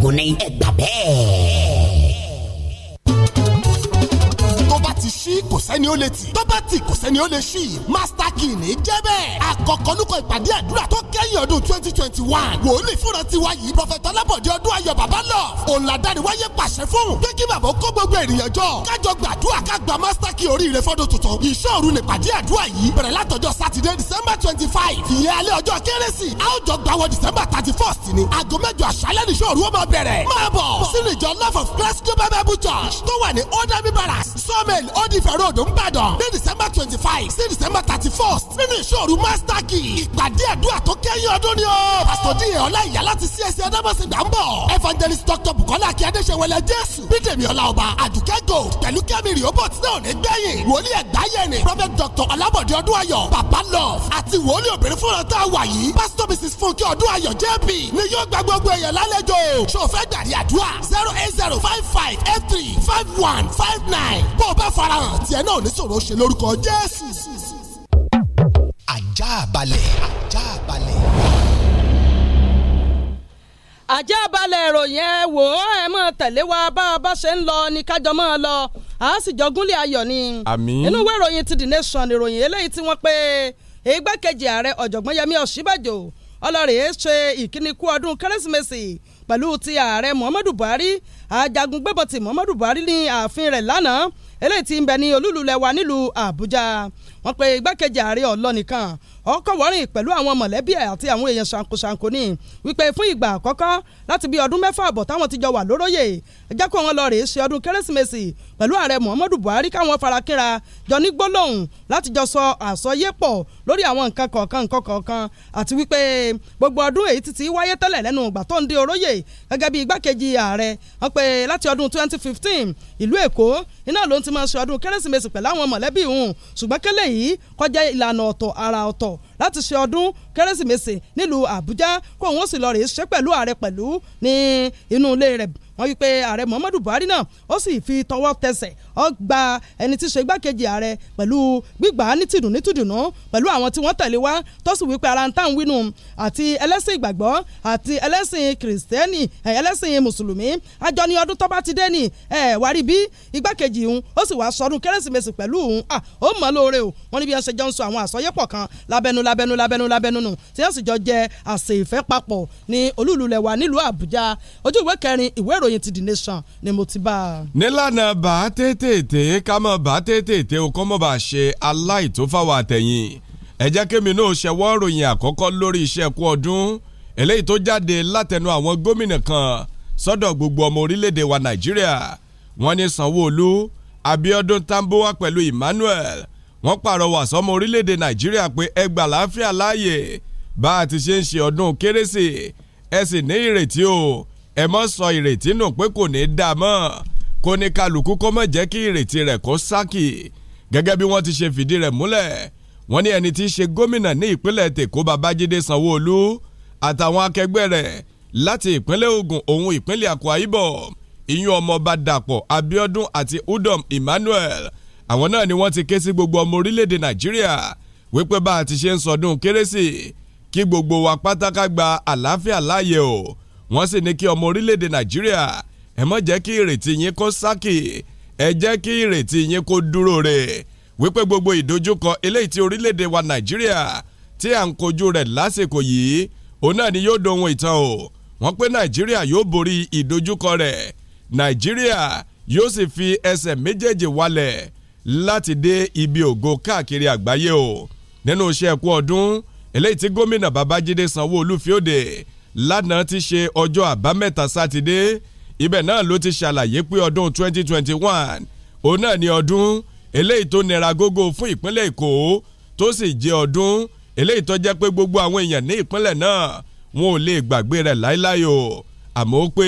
ògùn ní ẹgbà bẹ́ẹ̀. ṣí kò sẹ́ni ó lè tì tó bá tì kò sẹ́ni ó lè ṣí master key ní jẹ́ bẹ́ẹ̀ àkọ́kọ́ lukọ̀ ìpàdé àdúrà tó kẹ́yìn ọdún twenty twenty one wòlíì fúnra tiwa yìí prọfẹ̀tọ̀ lábọ̀dé ọdún ayọ̀ bàbá lọ òǹlàdáni wáyé pàṣẹ fún pé kí bàbá kó gbogbo ènìyàn jọ kájọ gbàdúrà ká gba master key oríire fọ́dún tuntun ìṣòro nípàdé àdúrà yìí bẹ̀rẹ̀ látọjọ́ sátidé december twenty five ìyẹn alẹ́ ọjọ́ kérésì a ó jọ gbàwọ̀ december thirty first ni aago mẹ́jọ àṣálẹ́ ní ìṣòro ó máa bẹ̀rẹ̀ máa bọ̀ sínú ìjọ love of christ global bible church tó wà ní old army barracks sawmill ó di road odò ń bàdàn ní december twenty five sí december thirty first nínú ìṣòro master key ìpàdé àdúrà tó kẹ́yìn ọdún ni ó. pásítọ̀ díye ọlá ìyá láti csc e adamasi gbà ń bọ̀ evangelist doctor bukola akí adéṣewẹlẹ jésù bídèmí ọláọba àdùkẹ́ gold pẹ̀lú kẹ́mi rìóbọ̀tì náà ní gbẹ̀yìn wòlíì ẹ̀gbáyẹnì prophet dr ọlábọ̀dé ọdún ayọ̀ papa love àti wòlíì obìnrin fúnra tá a wà yìí pásítọ̀ mrs funke ọdún ayọ̀ jp ni yóò gba gbogbo èèyàn lálejò ṣòfẹ́ gbàdí àdúrà zero eight zero five five eight three five one five nine bó o bá farahàn tiẹ̀ náà ò ní ṣòro ṣe lórúkọ Jésù. ajá balẹ̀ ajá balẹ̀. ajá balẹ̀ ìròyìn ẹ wò ó ẹ mọ̀ tẹ̀lé wa bá a bá ṣe ń lọ ni kájọ mọ́ ọ lọ a sì jọ gúnlẹ̀ ayọ̀ ni. àmín inú ìwé ìròyìn ti the nation ìròyìn eléyìí tí wọ́n pé igbákejì ààrẹ ọ̀jọ̀gbọ́n Yẹmí Ọ̀ṣínbàjò ọlọ́rìí ṣe ìkíni ọdún kérésìmesì pẹ̀lú ti ààrẹ Muhammadu Buhari ajagun gbébọn ti Muhammadu Buhari ní ààfin rẹ̀ lánàá eléyìí tí ń bẹ ní olúlulẹ̀ wa nílùú Àbújá wọ́n pe igbákejì ààrẹ ọ̀lọ́ ọkọ̀ wọ́rìn pẹ̀lú àwọn mọ̀lẹ́bí ẹ̀ àti àwọn èèyàn ṣàǹkóṣàǹkó ní wípé fún ìgbà àkọ́kọ́ láti bí ọdún mẹ́fà àbọ̀ táwọn ti jọ wà lóróyè ẹjẹ́ kó wọn lọ rèé ṣe ọdún kérésìmesì pẹ̀lú ààrẹ muhammadu buhari káwọn farakínra jọ ní gbólóhùn láti jọ sọ àsọyé pọ̀ lórí àwọn nǹkan kọ̀ọ̀kan nǹkan kọ̀ọ̀kan àti wípé gbogbo ọdún èyí ti ti wáyé tẹ́lẹ̀ lẹ́nu ìgbà tó ń di oróyè gẹ́gẹ́ bí igbákejì ààrẹ wọn pe láti ọdún 2015 ìlú èkó iná ló ń ti máa ṣe ọdún kérésìmesì pẹ̀lú àwọn mọ̀lẹ́bí òun ṣùgbọ́n kẹ́lẹ́ yìí kọjá ìlànà ọ̀tọ̀ àrà ọ̀tọ̀ láti ṣe ọdún kérésìmesì nílùú àbújá kó òun ó sì lọ rèé ṣe pẹ̀lú ààrẹ pẹ̀lú ní inú ilé rẹ̀ wọ́n wí pé ààrẹ muhammadu buhari náà ó sì fi tọwọ́ tẹsẹ̀ ó gba ẹni tí í ṣe igbákejì ààrẹ pẹ̀lú gbígbà á ní tìdùn ní tìdùnú pẹ̀lú àwọn tí wọ́n tẹ̀lé wá tó sì wípé ara ń tàn wínú àti ẹlẹ́sìn ìgbàgbọ́ àti ẹlẹ́sìn kìrìsìtẹ́nì ẹlẹ́sìn mùsùlùmí àjọ ní ọdún tó bá ti dé ní ẹ wá rí bí igbákejì òun ó sì wáá sọdún kérésìmesì pẹ̀lú òun à ó mọ̀ lóore o wọ́n ní bí wọ́n ṣe jọ ń sọ àwọn àsọyépọ̀ kan lábẹ́nu lábẹ́nu lábẹ́nu lábẹ́nu nù tí wọ́n sì jọ jẹ àsè ìfẹ́ papọ̀ ní olúùlú lẹ̀ wà nílùú àbújá ojú ìwé kẹrin ìwé ìròyìn ti the nation ni mo ti bá a. nílànà bàá tètè tètè ká mọ̀ bá tètè o kọ́ mọ̀ bá ṣe aláìtófáwọ̀ àtẹ̀yìn ẹ jẹ́ kémi náà ṣẹwọ́ ròyìn àkọ́kọ́ lórí iṣẹ́ kú ọdún eléyìí tó jáde látẹnu àwọn gómìnà kan sọ́dọ̀ gbogbo ọmọ orílẹ̀-èdè wa Nàìjíríà wọ́n ní Sanwó-Olú Abíọ́dún Tambuwa pẹ̀lú Emmanuel wọ́n pàrọwà sọmọ orílẹ̀-èdè Nàìjíríà pé ẹ gbà láàfíà láàyè bá a ti ṣe ń ṣe ọdún kérésì ẹ sì ní ìrètí o ẹ mọ́ sọ ìrètí nù pé kò ní í dá mọ́ kó ní kálukú kó má jẹ́ kí ìrètí rẹ̀ kó sákì gẹ́gẹ́ bí wọ́n ti ṣe fìdí rẹ̀ múlẹ̀ wọ́n ní ẹni tí í ṣe gómìnà ní ìpínlẹ̀ tèkó babájídé sanwó-olú àtàwọn akẹgbẹ́ rẹ̀ láti ìpínlẹ̀ Ògùn òun ìpínlẹ̀ Akwa Ibom ìyún ọmọọba Dàpọ̀ Abíọ́dún àti Udom Emmanuel àwọn náà ni wọ́n ti ké sí gbogbo ọmọ orílẹ̀-èdè Nàìjíríà wípé bá a ti ṣe ń sọdún kérésì kí gbogbo wa pátákà gba àlàáfíà láàyè o wọ́n sì ní kí ọmọ orílẹ̀-èdè Nàìjíríà ẹ má jẹ́ kí ìrètí yín kó sákì ẹ jẹ́ kí ìrètí yín kó dúró rẹ̀ wípé gbogbo ìdojúkọ eléyìí tí orílẹ̀-èdè wa nàìjíríà tí à ń kojú rẹ̀ lásìkò yìí òun náà ni yóò dohun ìtàn o wọ́n pé nàìjíríà yóò borí ìdojúkọ rẹ̀ nàìjíríà yóò sì fi ẹsẹ̀ méjèèjì walẹ̀ láti dé ibi ògo káàkiri àgbáyé o nínú iṣẹ́ ẹ̀kú ọdún eléyìí tí gómìnà babájídé sanwó-olú lánàá ti ṣe ọjọ́ àbámẹ́ta sátidé ibẹ̀ náà ló ti ṣàlàyé pé ọdún 2021 òun náà ni ọdún eléyìí tó nira gógó fún ìpínlẹ̀ Èkó tó sì jẹ́ ọdún eléyìí tó jẹ́ pé gbogbo àwọn èèyàn ní ìpínlẹ̀ náà wọn ò lè gbàgbé rẹ̀ láíláí o àmọ́ pé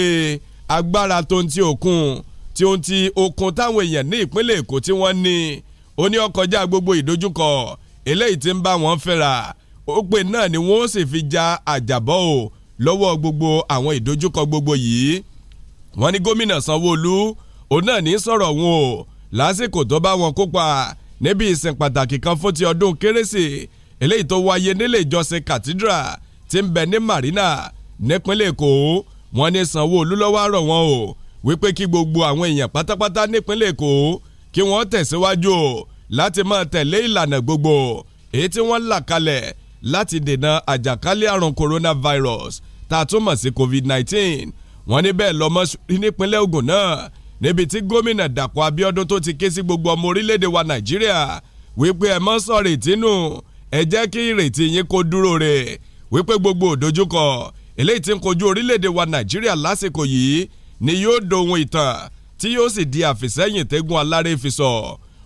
agbára tó ń ti òkun tí ó ń ti òkun táwọn èèyàn ní ìpínlẹ̀ Èkó tí wọ́n ní ó ní ó gbogbo ìdojúkọ eléyìí tí ń bá wọn fẹ́ra ó pé náà ni wọ́n sì fi ja àjàbọ́ o lọ́wọ́ gbogbo àwọn ìdojúkọ gbogbo yìí wọ́n ní gómìnà sanwó-olú òun náà ní sọ̀rọ̀ wọn o lásìkò tó bá wọn kópa níbi ìsìn pàtàkì kan fún ti ọdún kérésì eléyìí tó wáyé nílé ìjọsìn cathedral ti ń bẹ ní marina nípínlẹ̀ èkó wọ́n ní sanwó-olú ló wá rọ̀ wọn o wípé kí gbogbo àwọn èèyàn pátápátá nípínlẹ̀ èkó kí wọ́n tẹ̀síwájú láti máa tẹ̀lé ìlànà gbogbo èyí tí wọ́n là kalẹ̀ láti dènà àjàkálẹ̀ àrùn coronavirus tá sí covid-19 wọ́n ní bẹ́ẹ̀ lọ́mọ rí nípínlẹ̀ Ògùn náà níbi tí gómìnà Dàpọ̀ Abíọ́dún tó ti ké sí gbogbo ọmọ orílẹ̀ wa Nàìjíríà wípé ẹ mọ́ sọ̀rọ̀ ìtínú ẹ jẹ́ kí ìrètí yín kó dúró rẹ̀ wípé gbogbo òdojúkọ eléyìí tí ń kojú orílẹ̀ wa Nàìjíríà lásìkò yìí ni yóò dohun ìtàn tí yóò sì di àfìsẹ́yìn tẹ́gun aláré fi sọ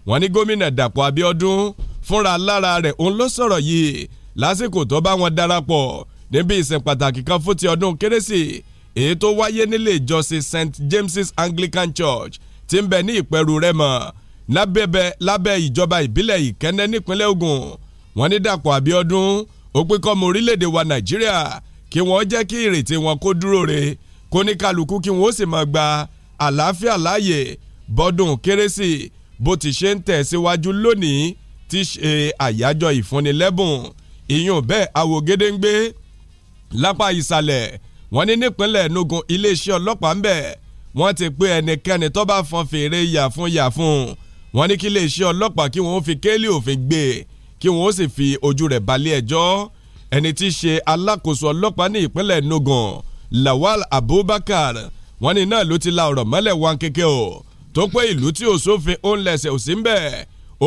wọ́n ní gómìnà Dàpọ̀ Abíọ́dún fúnra lára rẹ̀ òun ló sọ̀rọ̀ yìí lásìkò tó bá wọn darapọ̀ níbi ìsìn pàtàkì kan fún ti ọdún kérésì èyí tó wáyé nílé ìjọsìn St James's Anglican Church ti ń bẹ ní Ìpẹ̀rù Rẹ́mọ lábẹ́bẹ́ lábẹ́ ìjọba ìbílẹ̀ Ìkẹ́ndẹ́ nípínlẹ̀ Ògùn wọ́n ní Dàpọ̀ Abíọ́dún ó pé kọ́mọ orílẹ̀-èdè wa Nàìjíríà kí wọ́n jẹ́ kí ìrètí wọn kó dúró re kó ní kálukú kí wọ́n ó sì máa gba àlàáfíà láàyè bọ́dún kérésì bó ti ṣe ń tẹ̀síwájú lónìí ti ṣe àyájọ́ ìfúnnilẹ́bùn ìyún bẹ́ẹ̀ àwògedengbe lápá ìsàlẹ̀ wọ́n ní nípínlẹ̀ enugu iléeṣẹ́ ọlọ́pàá ń bẹ̀ wọ́n ti pé ẹnikẹ́ni tó bá fọn fèrè yàfun yàfun wọ́n ní kí iléeṣẹ́ ọlọ́pàá kí wọ́n fi kéèlì òfin gbé kí wọ́n sì fi ojú rẹ̀ balẹ̀ ẹjọ́ ẹni tí í ṣe alákòóso ọlọ́pàá ní ìpínlẹ̀ enugu lawal abubakar wọ́n ní náà ló ti la ọ̀rọ̀ mọ́lẹ̀ wọn kéke o tó pé ìlú tí òsófin ó ń lẹ̀sẹ̀ ò sí ń bẹ̀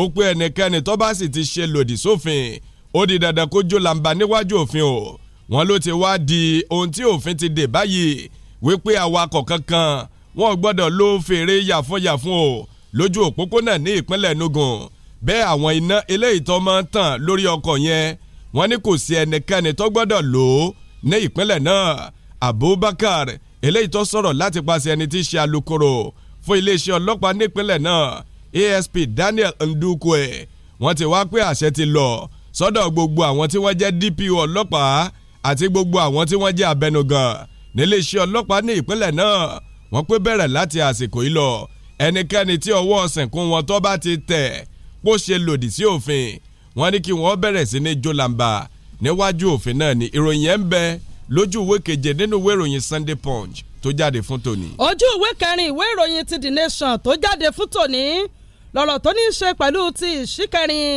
ó pé ẹnikẹ́ni tó bá sì ti ṣe lòdì sófin ó di dandan kó jó làǹbà níwájú òfin o wọ́n ló ti wá di ohun tí òfin ti dè báyìí wípé awakọ̀ kankan wọ́n gbọ́dọ̀ lo fèrè yàfúnyàfún o lójú òpópónà ní ìpínlẹ̀ Enugun bẹ́ẹ̀ àwọn iná eléyìí tó máa ń tàn lórí ọkọ̀ yẹn wọ́n ní kò sí ẹnikẹ́ni tó gbọ́dọ̀ lò ó ní ìpínlẹ̀ náà Abubakar eléyìí tó sọ̀rọ̀ láti paṣẹ ẹni tí í ṣe alukoro fún iléeṣẹ́ ọlọ́pàá nípínlẹ̀ náà ASP Daniel Ndukwe wọ́n ti wá pé àṣẹ ti lọ sọ́dọ̀ gbogbo àwọn tí wọ́n jẹ́ DPO ọlọ́pàá àti gbogbo àwọn tí wọ́n jẹ́ abẹnugan níléeṣẹ́ ọlọ́pàá ní ìpínlẹ̀ náà wọ́n pé bẹ̀rẹ̀ láti àsìkò yìí lọ ẹnikẹ́ni tí ọwọ́ ọ̀sìnkún wọn tó bá ti tẹ̀ kó ṣe lòdì sí òfin wọ́n ní kí wọ́n bẹ̀rẹ̀ sí ní jólàmbà níwájú òfin náà ni ìròyìn ẹ̀ ń bẹ lójú ìwé keje nínú ìwé ìròyìn Sunday Punch tó jáde fún tòní. ojú ìwé kẹrin ìwé ìròyìn ti The Nation tó jáde fún tòní lọ́rọ̀ tó ní í ṣe pẹ̀lú ti ìṣíkẹrin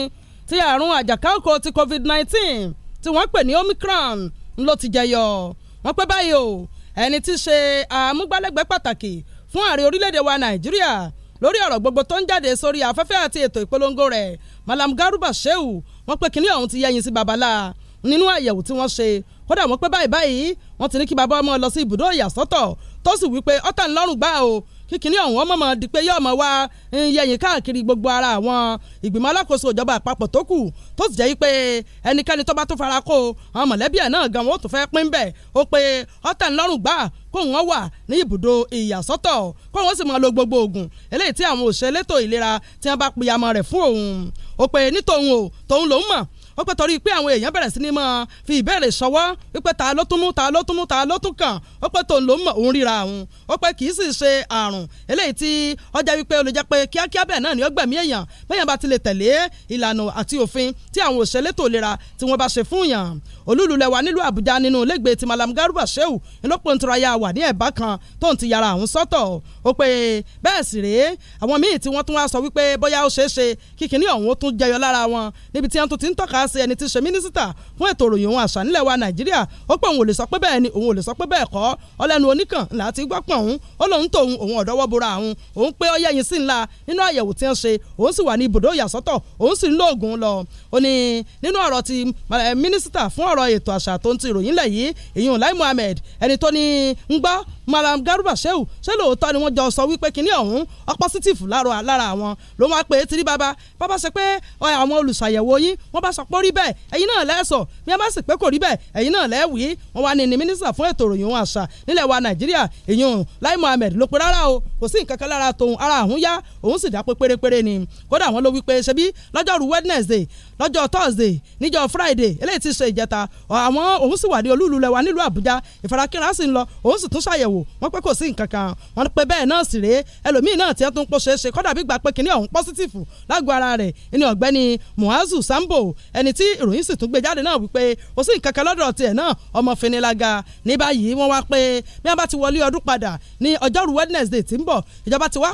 ti àrùn àjàkálkò ti covid nineteen tí wọ́n pè ní Omicron ló ti jẹyọ wọ́n pẹ́ báyìí o ẹni tí í ṣe àmúgbálẹ́gbẹ̀ẹ́ pàtàkì fún ààrẹ orílẹ̀-èdè wa Nàìjíríà lórí ọ̀rọ̀ gbogbo tó ń jáde sórí afẹ́fẹ́ àti ètò ìpolongo rẹ̀ Malam Garuba Shehu wọ́n pé kínní ọ̀hún ti yẹyin sí babalá nínú àyẹ̀wò tí wọ́n ṣe kódà wọ́n pé báyìí báyìí wọ́n ti ní kí bàbá ọmọ lọ sí ibùdó ìyàsọ́tọ̀ tó sì wí pé ọ̀tàn lọ́rùn gbá o kíkiní ọ̀hún ọmọ mọ̀ di pé yóò mọ̀ wá yẹ̀yìn káàkiri gbogbo ara àwọn ìgbìmọ̀ alákòóso ìjọba àpapọ̀ tó kù tó sì jẹ́ pé ẹnikẹ́ni tó bá tó fara kó àwọn mọ̀lẹ́bí ẹ̀ náà gan wọn ò tún fẹ́ pín bẹ́ẹ̀ ó pé ọ̀tẹ̀ ńlọ́rùn gbà kóun wọn wà ní ibùdó ìyàsọ́tọ̀ kóun ó sì máa lo gbogbo oògùn eléyìí tí àwọn òṣèlétò ìlera tí wọ́n bá pìyàmọ̀ ó pẹ́ torí pé àwọn èèyàn bẹ̀rẹ̀ sí ni máa fi ìbéèrè ṣọwọ́ wípé ta ló tún mú ta ló tún mú ta ló tún kàn ó pẹ́ tòun ló mọ̀ òun ríra òun ó pẹ́ kì í sì ṣe àrùn eléyìí tí ọjà wípé ó lè jẹ́ pé kíákíá bẹ́ẹ̀ náà ni ó gbẹ̀mí èèyàn bẹ́yàn bá ti lè tẹ̀lé ìlànà àti òfin tí àwọn òṣèlétò ìlera tí wọ́n bá ṣe fún yàn olúlulẹ̀ wa nílùú àbújá nínú lẹ́gbẹ̀ẹ́ ti malam garuba shehu ńlọpọ̀ ntura ya wà ní ẹ̀bá kan tóun ti yàrá àwọn sọ́tọ̀ ó pé bẹ́ẹ̀ sì rèé àwọn míì tí wọ́n tún wá sọ wípé bóyá ó ṣeé ṣe kí kinní ọ̀hún ó tún jẹyọ lára wọn níbi tí wọ́n tún ti ń tọ́ka sí ẹni tí ṣe mínísítà fún ètò òròyìn òun àṣà nílẹ̀ wa nàìjíríà ó pé òun ò lè sọ pé bẹ́ẹ̀ ni òun ò lè sọ pé bẹ́ẹ̀ kọ́ ọlẹ́nu oníkàn láti gbọ́ pọ̀ òun ó lóun tó òun òun ọ̀dọ́wọ́ bora òun òun pé ó yẹyin sí ńlá nínú àyẹ̀wò tí wọ́n ṣe òun sì wà ní ibùdó ìyàsọ́tọ̀ òun sì ń lo oògùn lọ ó ní nínú ọ̀rọ̀ ti mínísítà fún ọ̀rọ̀ ètò àṣà tó ń ti ìròyìn lẹ̀ yìí ìyún Lai Muhammed ẹni tó ní ń gbọ́ Malam Garuba Shehu ṣé lóòótọ́ ni wọ́n jọ sọ wípé kinní ọ̀hún ọpọ́sítìfù lára àwọn ló máa pè é tiri bàbá bàbá ṣe pé àwọn olùṣàyẹ̀wò yín wọ́n bá sọ pé ó rí bẹ́ẹ̀ ẹ̀yin náà lẹ́sọ̀ bí ẹ bá sì pé kò rí bẹ́ẹ̀ ẹ̀yin náà lẹ́wìí wọ́n wá ní ní mínísítà fún ètò ìròyìn òun àṣà nílẹ̀ wa Nàìjíríà ìyún Lai Mohammed ló pe rárá o kò sí nǹkan kan lára tòun ara àhún yá òun sì dápé pérépéré ni kódà wọ́n ló wí pé ṣebí lọ́jọ́rú Wednesday lọ́jọ́ Thursday níjọ́ Friday eléyìí ti ṣe ìjẹta àwọn òun sì wà ní olúùlú lẹwa nílùú Àbújá ìfarakínra sì ń lọ òun sì tún ṣàyẹ̀wò wọ́n pé kò sí nǹkan kan wọ́n pé bẹ́ẹ̀ náà sì rèé ẹlòmíì náà tiẹ̀ tún pọ̀ ṣeé ṣe kọ́dà bí gbà pé kinní ọ̀hún pọ́sítìfù lágbo ara rẹ̀ ẹni ọ̀gbẹ́ni Muazu Sambo ẹni tí ìròyìn sì tún gbé jáde náà wípé kò sí nǹkan kan lọ́dọ̀ tiẹ̀ náà ọmọ finilaga ní báyìí wọ́n wá pé bí wọ́n bá ti wọlé ọdún padà ní ọjọ́rú Wednesday tí ń bọ̀ ìjọba ti wá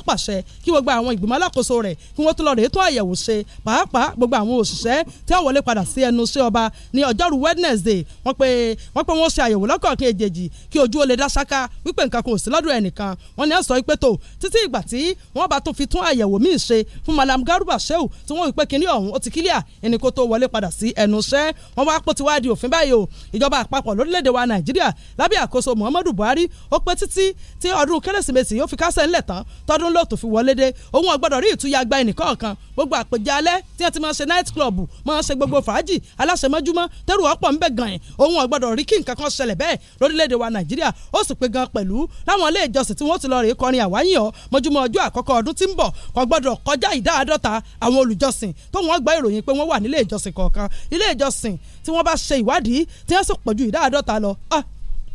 jẹ́ tí ó wọlé padà sí ẹnu iṣẹ́ ọba ní ọjọ́rú Wednesday wọ́n pe wọ́n pe wọ́n ṣe àyẹ̀wò lọ́kọ̀ọ̀kan èjèèjì kí ojú ó lè dá ṣáká wípé nǹkan kan ò sí lọ́dọ̀ ẹnìkan wọ́n ní sọ pé tó títí ìgbà tí wọ́n bá tó fi tún àyẹ̀wò míì ṣe fún Malam Garuba Shehu tí wọ́n wí pé ọ̀hún ó ti kílíà ẹni kó tó wọlé padà sí ẹnu iṣẹ́ wọ́n wá pọ̀ ti òfin báyìí o ìjọba àpapọ̀ lórílẹ̀ wa Nàìjíríà lábẹ́ àkóso Muhammadu Buhari ó pé títí tí ọdún Kérésìmesì yóò fi kásẹ̀ ńlẹ̀ tán tọdún ló tó fi wọlé dé òun ò gbọ́dọ̀ rí ìtúyàgbá ẹnìkọ̀ọ̀kan gbogbo àpèjẹ alẹ́ tí wọ́n ti night club kílàbù máa ṣe gbogbo fàájì aláṣẹmọ́júmọ́ tẹ́rù ọ̀pọ̀ ń bẹ̀ gan ẹ̀ òun ọ̀gbọ́dọ̀ rí kí nǹkan kan ṣẹlẹ̀ bẹ́ẹ̀ lórílẹ̀ wa nàìjíríà ó sì pé gan pẹ̀lú láwọn ilé ìjọsìn tí wọ́n ti lọ rèé kọrin àwáyàn mọ́júmọ́ ọjọ́ àkọ́kọ́ ọdún tí ń bọ̀ kò gbọ́dọ̀ kọjá ìdá àádọ́ta àwọn olùjọsìn tó wọ́n gba ìròyìn pé wọ́n wà nílé ìjọsìn kọ̀ọ̀kan ilé ìjọsìn tí wọ́n bá ṣe ìwádìí tí wọ́n sì pọ̀jù ìdá àádọ́ta lọ ah,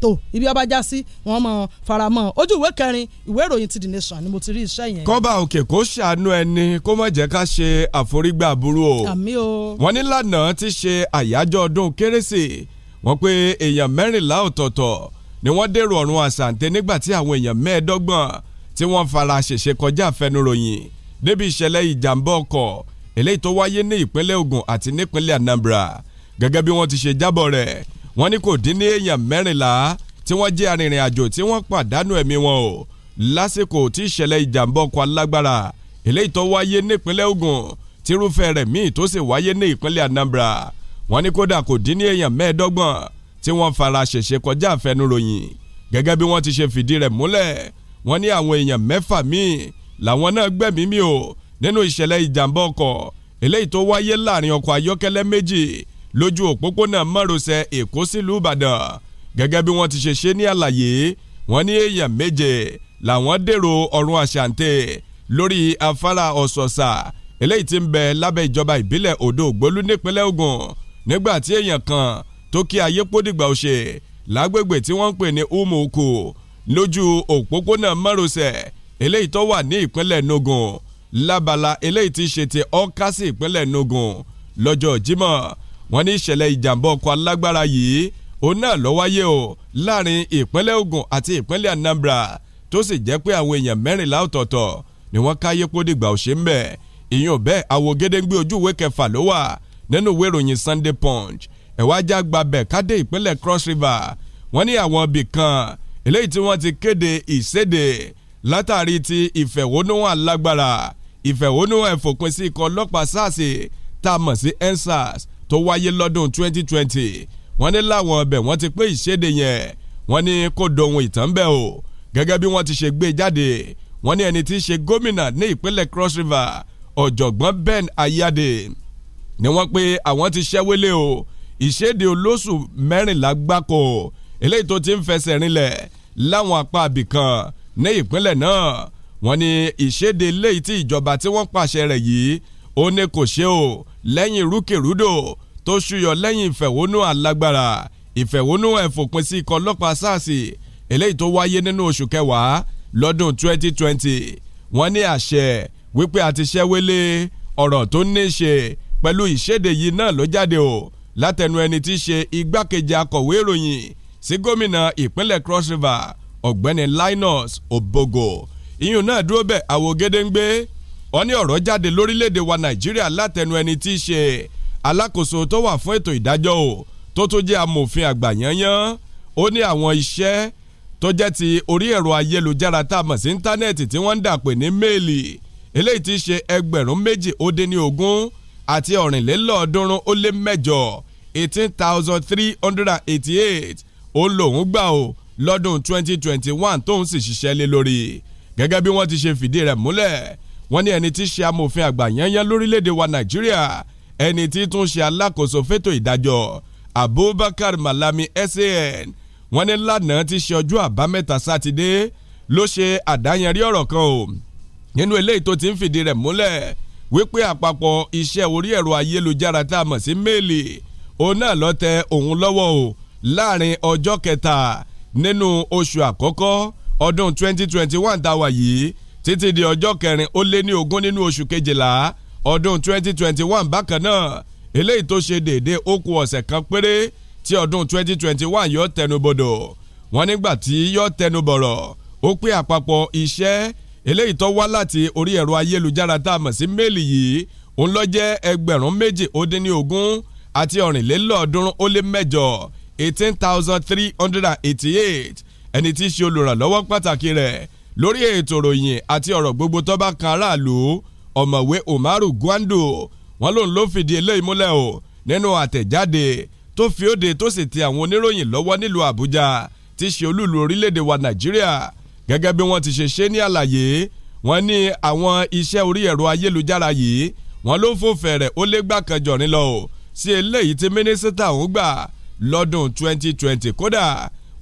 tó ibi ọba já sí wọn mọ faramọ́ ojú ìwé kẹrin ìwé ìròyìn ti The Nation ni mo ti rí iṣẹ́ yẹn. kọ́ba òkè kó ṣàánú ẹni kó má jẹ́ ká ṣe àforígbà burú o. àmín o. wọ́n ní lánàá ti ṣe àyájọ́ ọdún kérésì wọ́n pé èèyàn mẹ́rìnlá ọ̀tọ̀ọ̀tọ̀ ni wọ́n dèrò ọ̀run àṣàǹtẹ̀ nígbà tí àwọn èèyàn mẹ́ẹ̀ẹ́dọ́gbọ̀n tí wọ́n fara ṣèṣe kọjá àfẹnuròyìn débi ìṣẹ̀lẹ̀ ìjàmbá ọkọ̀ eléyìí tó wáyé ní ìpínlẹ̀ Ògùn àti nípínlẹ̀ Anambra gẹ́gẹ́ bí wọ́n ti ṣe jábọ̀ rẹ̀ wọ́n ní kò dín ní èèyàn mẹ́rìnlá tí wọ́n jẹ́ arìnrìn àjò tí wọ́n pàdánù ẹ̀mí wọn o lásìkò tí ìṣẹ̀lẹ̀ ìjàmbá ọkọ̀ alágbára eléyìí tó wáyé nípínlẹ̀ Ògùn tírúfẹ́ rẹ̀ míì tó sì wáyé ní ìpínlẹ̀ Anambra wọ́n ní kódà kò dín ní èèyàn mẹ́ẹ̀ẹ́dọ́gbọ̀n tí wọ́n fara ṣẹ̀ṣẹ̀ kọjá àfẹnuròyìn gẹ́gẹ́ bí wọ́n ti ṣe fìdí rẹ̀ múlẹ̀ wọ́n ní àwọn èèyàn mẹ́fà míì làwọn náà gbẹ̀mí o nínú ìṣẹ̀lẹ̀ ìjàmbá ọkọ̀ eléyìí tó wáyé láàrin ọkọ̀ ayọ́kẹ́lẹ́ méjì lójú òpópónà márosẹ̀ èkó sílùú ìbàdàn gẹ́gẹ́ bí wọ́n ti ṣe ṣe ní àlàyé wọ́n ní èèyàn méje làwọn dèrò ọ̀run àṣàǹtẹ̀ lórí afárá ọ̀sọ̀ọ̀sà eléyìí ti ń bẹ lábẹ́ ìjọba ìbílẹ̀ odò ògbólú nípínlẹ̀ ògùn nígbà tí èèyàn kan tó kí ayé pódìgbà òṣè lágbègbè tí wọ́n ń pè ní umuku lójú òpópónà márosẹ̀ eléyìí tó wà ní ìpínlẹ̀ nogun lábala eléyìí ti ṣe ti ọ́ká ìpínlẹ̀ nogun lọ́jọ́ Jímọ̀ wọ́n ní ìṣẹ̀lẹ̀ ìjàmbá ọkọ̀ alágbára yìí òun náà ló wáyé o láàrin ìpínlẹ̀ Ògùn àti ìpínlẹ̀ Anambra tó sì jẹ́ pé àwọn èèyàn mẹ́rìnlá ọ̀tọ̀ọ̀tọ̀ ni wọ́n káyé pódìgbà òṣè ń bẹ̀ ìyún bẹ́ẹ̀ àwo gédéǹgbé ojú ìwé kẹfà ló wà nínú ìwé ìròyìn Sunday Punch ẹ̀wájà gbabẹ̀ kádé ìpínlẹ̀ Cross River wọ́n ní àwọn ibì kan eléyìí tí wọ́n ti kéde ìséde látàrí ti ìfẹ̀hónúhàn alágbára ìfẹ̀hónúhàn ẹ̀fòpin sí ikọ̀ ọlọ́pàá SARS tá a mọ̀ sí EndSARS tó wáyé lọ́dún 2020 wọ́n ní láwọn ọbẹ̀ wọ́n ti pé ìṣèdè yẹn wọ́n ní kó dohun ìtàn bẹ́ẹ̀ o gẹ́gẹ́ bí wọ́n ti ṣe gbé jáde wọ́n ní ẹni tí í ṣe gómìnà ní ìpínlẹ̀ Cross River ọ̀jọ̀gbọ́n Ben Ayade ni wọ́n pé àwọn ti ṣẹ́wélé o ìṣèdè olóṣù mẹ́rìnlá gbáko eléyìí tó ti ń fẹsẹ̀ rinlẹ̀ láwọn apá abìkan ní ìpínlẹ̀ náà wọ́n ní ìṣèdè eléyìí tí ìjọba tí wọ́n pàṣẹ rẹ̀ yìí ó ní kò ṣe o lẹ́yìn rúkèrúdò tó ṣúyọ lẹ́yìn ìfẹ̀hónú alágbára ìfẹ̀hónú ẹ̀fòpin sí ikọ̀ ọlọ́pàá SARS eléyìí tó wáyé nínú oṣù kẹwàá lọ́dún 2020 wọ́n ní àṣẹ wípé a ti ṣẹ́wélé ọ̀rọ̀ tó ní í ṣe pẹ̀lú ìṣèdè yìí náà ló jáde o látẹnu ẹni tí í ṣe igbákejì akọ̀wé ìròyìn sí gómìnà ìpínlẹ̀ Cross River ọ̀gbẹ́ni Linus Obogo ìyún náà dúró bẹ́ẹ̀ àwògedengbe wọ́n ní ọ̀rọ̀ jáde lórílẹ̀‐èdè wa nàìjíríà látẹnu ẹni tí í ṣe alákòóso tó wà fún ètò ìdájọ́ o tó tó jẹ́ amòfin àgbà yanyan ó ní àwọn iṣẹ́ tó jẹ́ ti orí ẹ̀rọ ayélujára tá a mọ̀ sí íńtánẹ́ẹ̀tì tí wọ́n ń dàpè ní méèlì eléyìí tí í ṣe ẹgbẹ̀rún méjì ó dín ní ogún àti ọ̀rìnlélọ́ọ̀ọ́dúnrún ó lé mẹ́jọ eighteen thousand three hundred and eighty-eight ó lòun gbà o lọ́dún twenty twenty one tóun sì ṣiṣẹ́ lé lórí gẹ́gẹ́ bí wọ́n ti ṣe fìdí rẹ̀ múlẹ̀ wọ́n ní ẹni tí ṣe amòfin àgbà yányán lórílẹ̀‐èdè wa nàìjíríà ẹni tí tún ṣe alákòóso fétò ìdájọ́ abubakar malami san wọ́n ní lánàá ti ṣe ọjọ́ àbámẹ́ta sátidé ló ṣe àdáyanrí ọ̀rọ̀ kan o nínú eléyìí tó ti ń fìdí rẹ̀ múlẹ̀ wípé àpapọ̀ iṣẹ́ orí ẹ̀rọ ayélujára tá a mọ̀ sí méèlì òun náà lọ tẹ òun lọ́wọ́ o láàrin ọjọ́ kẹta nínú oṣù àkọ́kọ́ ọdún 2021 tá a yìí títí di ọjọ́ kẹrin ó lé ní ogún nínú oṣù kejìlá ọdún 2021 bákan náà eléyìí tó ṣe déédéé ó kù ọ̀sẹ̀ kan péré tí ọdún 2021 yóò tẹnubodò wọn nígbà tí yóò tẹnubọ̀rọ̀ ó pé àpapọ̀ iṣẹ́ eléyìí tó wá láti orí ẹ̀rọ ayélujára tá a mọ̀ sí méèlì yìí òun lọ jẹ́ ẹgbẹ̀rún méjì ó dín ní ogún àti ọ̀rìnlélọ́ọ̀ọ́dúnrún ó lé mẹ́jọ eighteen thousand three hundred and eighty-eight ẹni tí í ṣe olùrànlọ́wọ́ pàtàkì rẹ̀ lórí ètò ìròyìn àti ọ̀rọ̀ gbogbo tó bá kan aráàlú ọ̀mọ̀wé Umaru gwando wọn lòun ló fìdí eléyìí múlẹ̀ o nínú àtẹ̀jáde tó fi òde tó sì ti àwọn oníròyìn lọ́wọ́ nílùú Àbújá ti ṣe olúlu orílẹ̀-èdè wa Nàìjíríà gẹ́gẹ́ bí wọ́n ti ṣe ṣe ní àlàyé wọ́n ní àwọn iṣẹ́ orí ẹ̀rọ ayélujára yìí wọ́n ló fò fẹ̀rẹ̀ ó lé gbà kan lọ o sí eléyìí tí mínísítà òun gbà lọ́dún 2020 kódà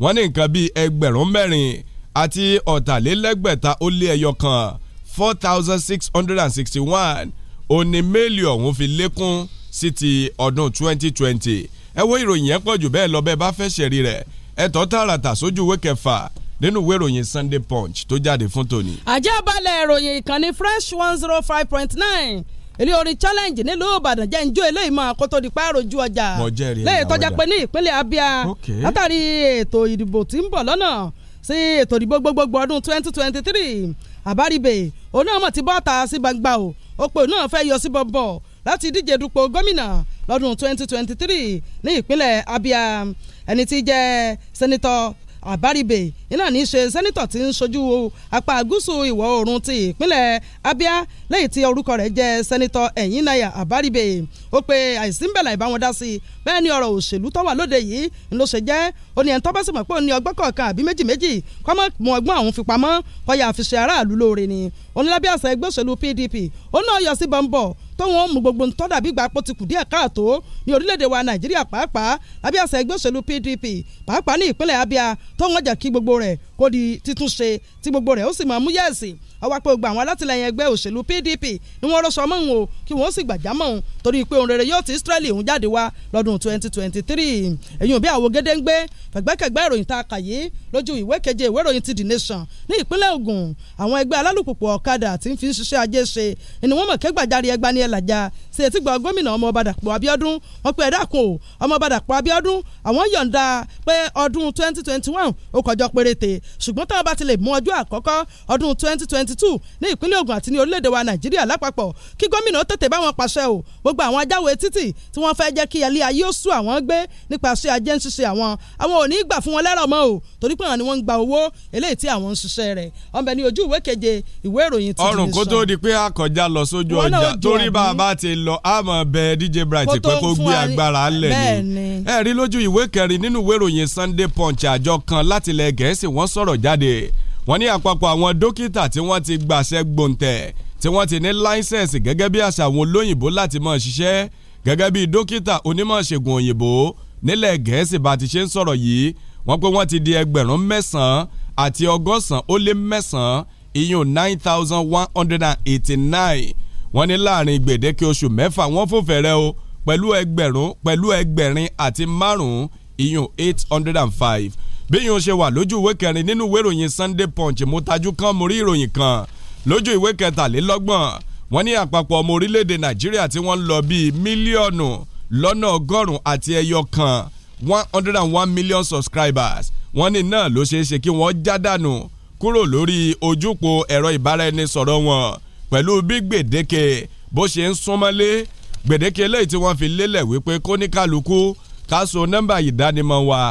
wọ́n ní nǹkan bíi ẹgbẹ̀rún mẹ́rin àti ọ̀tàlélẹ́gbẹ̀ta ó lé ẹyọ kan four thousand six hundred and sixty one òní méèlì ọ̀hún fi lékún sí ti ọdún twenty twenty ẹ wo ìròyìn yẹn pọ̀ jù bẹ́ẹ̀ lọ bẹ́ẹ̀ bá fẹ́ ṣẹ̀rí rẹ̀ ẹ tọ́ tààràtà sójú ìwé kẹfà nínú ìwé ìròyìn Sunday Punch tó jáde fún tòní. ajá balẹ̀ ìròyìn ìkànnì fresh one zero five point nine ilé orin challenge nílùú Ìbàdàn jẹ́ njó eléyìí mọ́ kó tó di pa àròjù ọjà lẹ́yìn tọ́jà pé ní ìpínlẹ̀ Abia látàrí ètò ìdìbò tí ń bọ̀ lọ́nà sí ètò ìdìbò gbogbogbò ọdún 2023 twenty three àbáríbe òun náà mọ̀ ti bọ́ta sí gbangba o ó pé òun náà fẹ́ yọ sí bọ̀bọ̀ láti díje dupò gómìnà lọ́dún twenty ní ìpínlẹ̀ Abia ẹni tí jẹ́ sẹ́nitọ́ àbáríbe iná ní í ṣe sẹ́nitọ̀ tí ń ṣojú apá gúúsù ìwọ̀ oòrùn ti ìpínlẹ̀ Abia lẹ́yìn tí orúkọ rẹ̀ jẹ́ sẹ́nitọ̀ Ẹ̀yìnnáyà àbáríbe ó pe àìsí ń bẹ̀lẹ̀ ìbáwọn dá sí i bẹ́ẹ̀ ni ọ̀rọ̀ òṣèlú tó wà lóde yìí ń ló ṣe jẹ́ ó ní ẹni tó bá sì mọ̀ pé ó ní ọgbọ́n kọ̀ọ̀kan àbí méjì méjì kọ́mọ́ mọ ọgbọ́n àwọn fi pamọ́ kọ́ya àfiṣe aráàlú lóore ni òun ẹgbẹ́ òṣèlú PDP ó náà yọ sí bọ́ńbọ̀ tó wọn mú gbogbo ntọ́ dàbí gbà pọ̀ díẹ̀ káàtó ní orílẹ̀-èdè wa nàìjíríà pàápàá lábẹ́ àṣà ẹgbẹ́ òṣèlú pdp pàápàá ní ìpínlẹ̀ abia tó wọn jà kí gbogbo rẹ̀ kó di títúnṣe tí gbogbo rẹ̀ ó sì máa mú yẹ̀sì àwa pé gbogbo àwọn alátìlẹyìn ẹgbẹ́ òṣèlú PDP ni wọ́n rọ́ṣọ mọ́ òun o kí wọ́n sì gbàjámọ̀ òun torí pé òun rere yóò ti Israeli òun jáde wá lọ́dún 2023 èyí ò bí àwọn gédé ń gbé fẹ̀gbẹ́kẹ̀gbẹ́ ìròyìn tá a kà yé lójú ìwé keje ìwé ìròyìn ti The Nation ní ìpínlẹ̀ ogun àwọn ẹgbẹ́ alálùpùpù ọ̀kadà tí ń fi ń ṣiṣẹ́ ajé ṣe ni wọ́n mọ̀ kẹ́gbàjarì ẹgbà ní ẹ̀làjà ṣe ti gba gómìnà Ọmọọba Dàpọ̀ Abíọ́dún wọ́n pe ẹ̀dákun o Ọmọọba Dàpọ̀ Abíọ́dún àwọn yọ̀ǹda pé ọdún 2021 ó kọjọ péréte ṣùgbọ́n tá a bá ti lè mú ọjọ́ àkọ́kọ́ ọdún 2022 ní ìpínlẹ̀ Ògùn àti ní orílẹ̀-èdè wa Nàìjíríà lápapọ̀ kí gómìnà tètè bá wọn pàṣẹ o gbogbo àwọn ajáwé títì tí wọ́n fẹ́ jẹ́ kí ilé ayé ó sú àwọn gbé nípasẹ̀ ajé ń ṣiṣẹ́ àwọn àwọn ò ní gbà fún wọn lẹ́rọ̀ mọ́ o torí pé àwọn ni wọ́n ń gba owó eléyìí tí àwọn ń ṣiṣẹ́ rẹ̀ ọ̀nbẹ ní ojú ìwé keje ìwé ìròyìn ti ọrùn kó tó di pé àkọjá lọ sójú ọjà torí bá ti lọ àmọ́ bẹ DJ Bright pé kó gbé agbára lẹ̀ ni ẹ̀rí lójú ìwé kẹrin nínú ìwé ìròyìn Sunday Punch àjọ kan látilẹ̀ Gẹ̀ẹ́sì wọ́n sọ sọ̀rọ̀ jáde wọ́n ní àpapọ̀ àwọn dókítà tí wọ́n ti gbàṣẹ gbòǹtẹ̀ tí wọ́n ti ní láísẹ̀nsì gẹ́gẹ́ bí àṣà àwọn olóyìnbó láti máa ṣiṣẹ́ gẹ́gẹ́ bí dókítà onímọ̀ṣègùn òyìnbó nílẹ̀ gẹ̀ẹ́sì bá ti ṣe ń sọ̀rọ̀ yìí wọ́n pé wọ́n ti di ẹgbẹ̀rún mẹ́sàn-án àti ọgọ́sàn-án ó lé mẹ́sàn-án ìyún nine thousand one hundred and eighty-nine wọ́n ní láàrin gbèdéke oṣù mẹ́fà wọ́n fò fẹ́rẹ́ o pẹ̀lú ẹgbẹ̀rún pẹ̀lú ẹgbẹ̀rin àti márùn-ún ìyún eight hundred and five bíyùn ṣe wà lójú ìwé kẹrin nínú ìwé ìròyìn Sunday Punch mo tajú kan mo rí ìròyìn kan lójú ìwé kẹtàlélọ́gbọ̀n wọ́n ní àpapọ̀ ọmọ orílẹ̀-èdè Nàìjíríà tí wọ́n ń lọ bíi mílíọ̀nù lọ́nà ọgọ́rùn-ún àti ẹyọ kan one hundred and one million subscribers wọ́n ní náà ló ṣeé ṣe kí wọ́n já dànù kúrò lórí ojúpo ẹ̀rọ ìbáraẹnisọ̀rọ̀ wọn pẹ̀lú bí gbèdéke bó ṣe ń súnmọ́lé gbèdéke lẹ́yìn tí wọ́n fi lélẹ̀ wípé kóníkàlùkù ká nọ́mbà ìdánimọ̀ wa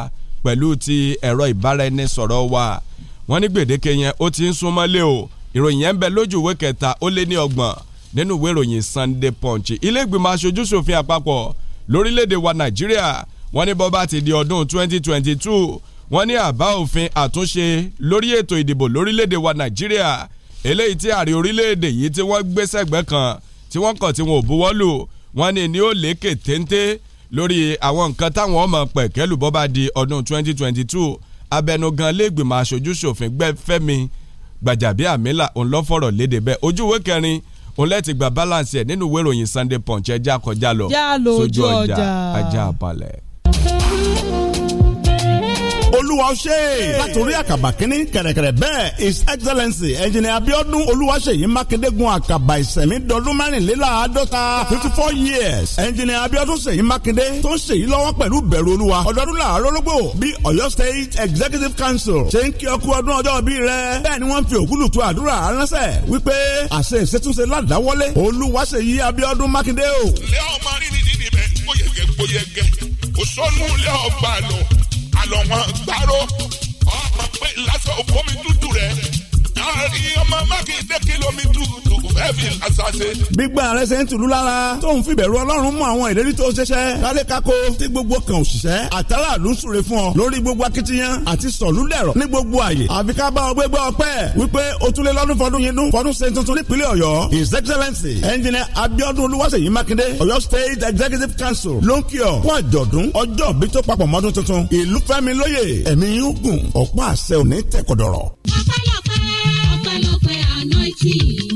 pẹ̀lú ti ẹ̀rọ ìbáraẹnisọ̀rọ̀ wa wọ́n ní gbèdéke yẹn ó ti ń súnmọ́lé o ìròyìn yẹn ń bẹ lójú ìwé kẹta ó lé ní ọgbọ̀n nínú ìwé ìròyìn Sunday Punch ilé ìgbìmọ̀ aṣojú ṣòfin àpapọ̀ lórílẹ̀‐èdè wa Nàìjíríà wọ́n ní bọ́ba ti di ọdún 2022 wọ́n ní àbá òfin àtúnṣe lórí ètò ìdìbò lórílẹ̀‐èdè wa Nàìjíríà eléyìí tí ààrẹ orílẹ̀‐èdè yìí tí wọ́n gbé sẹ́gbẹ́ kan tí wọ́n kàn tí wọn ò buwọ́lù wọ́n ní ní ó lékè téńté lórí àwọn nǹkan táwọn ọmọ pẹ̀kẹ́lù bọ́ bá di ọdún 2022 abẹnugan lẹ́gbìmọ̀ aṣojú ṣòfin gbẹ́fẹ́mi Gbàjàbíàmílà òun lọ́ fọ̀rọ̀ léde bẹ́ẹ̀ ojú ìwé kẹrin òun lẹ́ẹ̀tì gba balance ẹ̀ nínú ìwé ìròyìn Sunday Punch ẹ̀ já kọjá lọ sójú ọjà ajá balẹ̀ olúwa ó ṣe é. látòrí àkàbà kínní kẹ̀rẹ̀kẹ̀rẹ̀ bẹ́ẹ̀ his excellency engineer abiodun olúwaṣeyí makinde gun àkàbà ìsẹ̀mí dọdún mẹ́rìnléláàádọ́ta fifty four years engineer abiodun ṣèyí makinde tó ń ṣèyí lọ́wọ́ pẹ̀lú bẹ̀rù olúwa ọdọọdún làárọ̀ lógbò bí ọ̀yọ́ state executive council ṣe ń kí ọkú ọdún ọjọ́ bí rẹ bẹ́ẹ̀ ni wọ́n fi òkúlù tu àdúrà aránṣẹ́ wípé àṣẹ ìṣètúnṣe ládàáwọlé olúwaṣeyí abiodun makinde o. ilé ọmọ rí ni dídì bẹ́ẹ̀ kó yẹ lọ́wọ́n gbárò ọmọ pé lásán òkú mi dúdú rẹ̀ gbígbà rẹ ṣe ń tùlú lára tó ń fi bẹ̀rù ọlọ́run mú àwọn ìlérí tó ṣẹṣẹ lálẹ́ kákó tí gbogbo kan òṣìṣẹ́ àtàrà ló ń súre fún ọ lórí gbogbo akitiyan àti sọ̀lúdẹ̀rọ̀ ní gbogbo àyè àfi ká bá ọ gbégbá ọpẹ́ wípé o tún lé lọ́dún fọdún yìí dún fọdún ṣe tuntun nípínlẹ̀ ọ̀yọ́ his excellency engineer abiodun olúwaṣeyí makinde ọ̀yọ́ state executive council ló ń kí ọ fún àjọ̀dún ọjọ́ bí tó papọ̀ mọ́dún tuntun ìlú fẹ́mi lóye ẹ̀mí yín gùn ọ̀pọ̀ àṣẹ òní tẹ̀kọ̀dọ̀rọ̀. I ló fẹ́ anointing.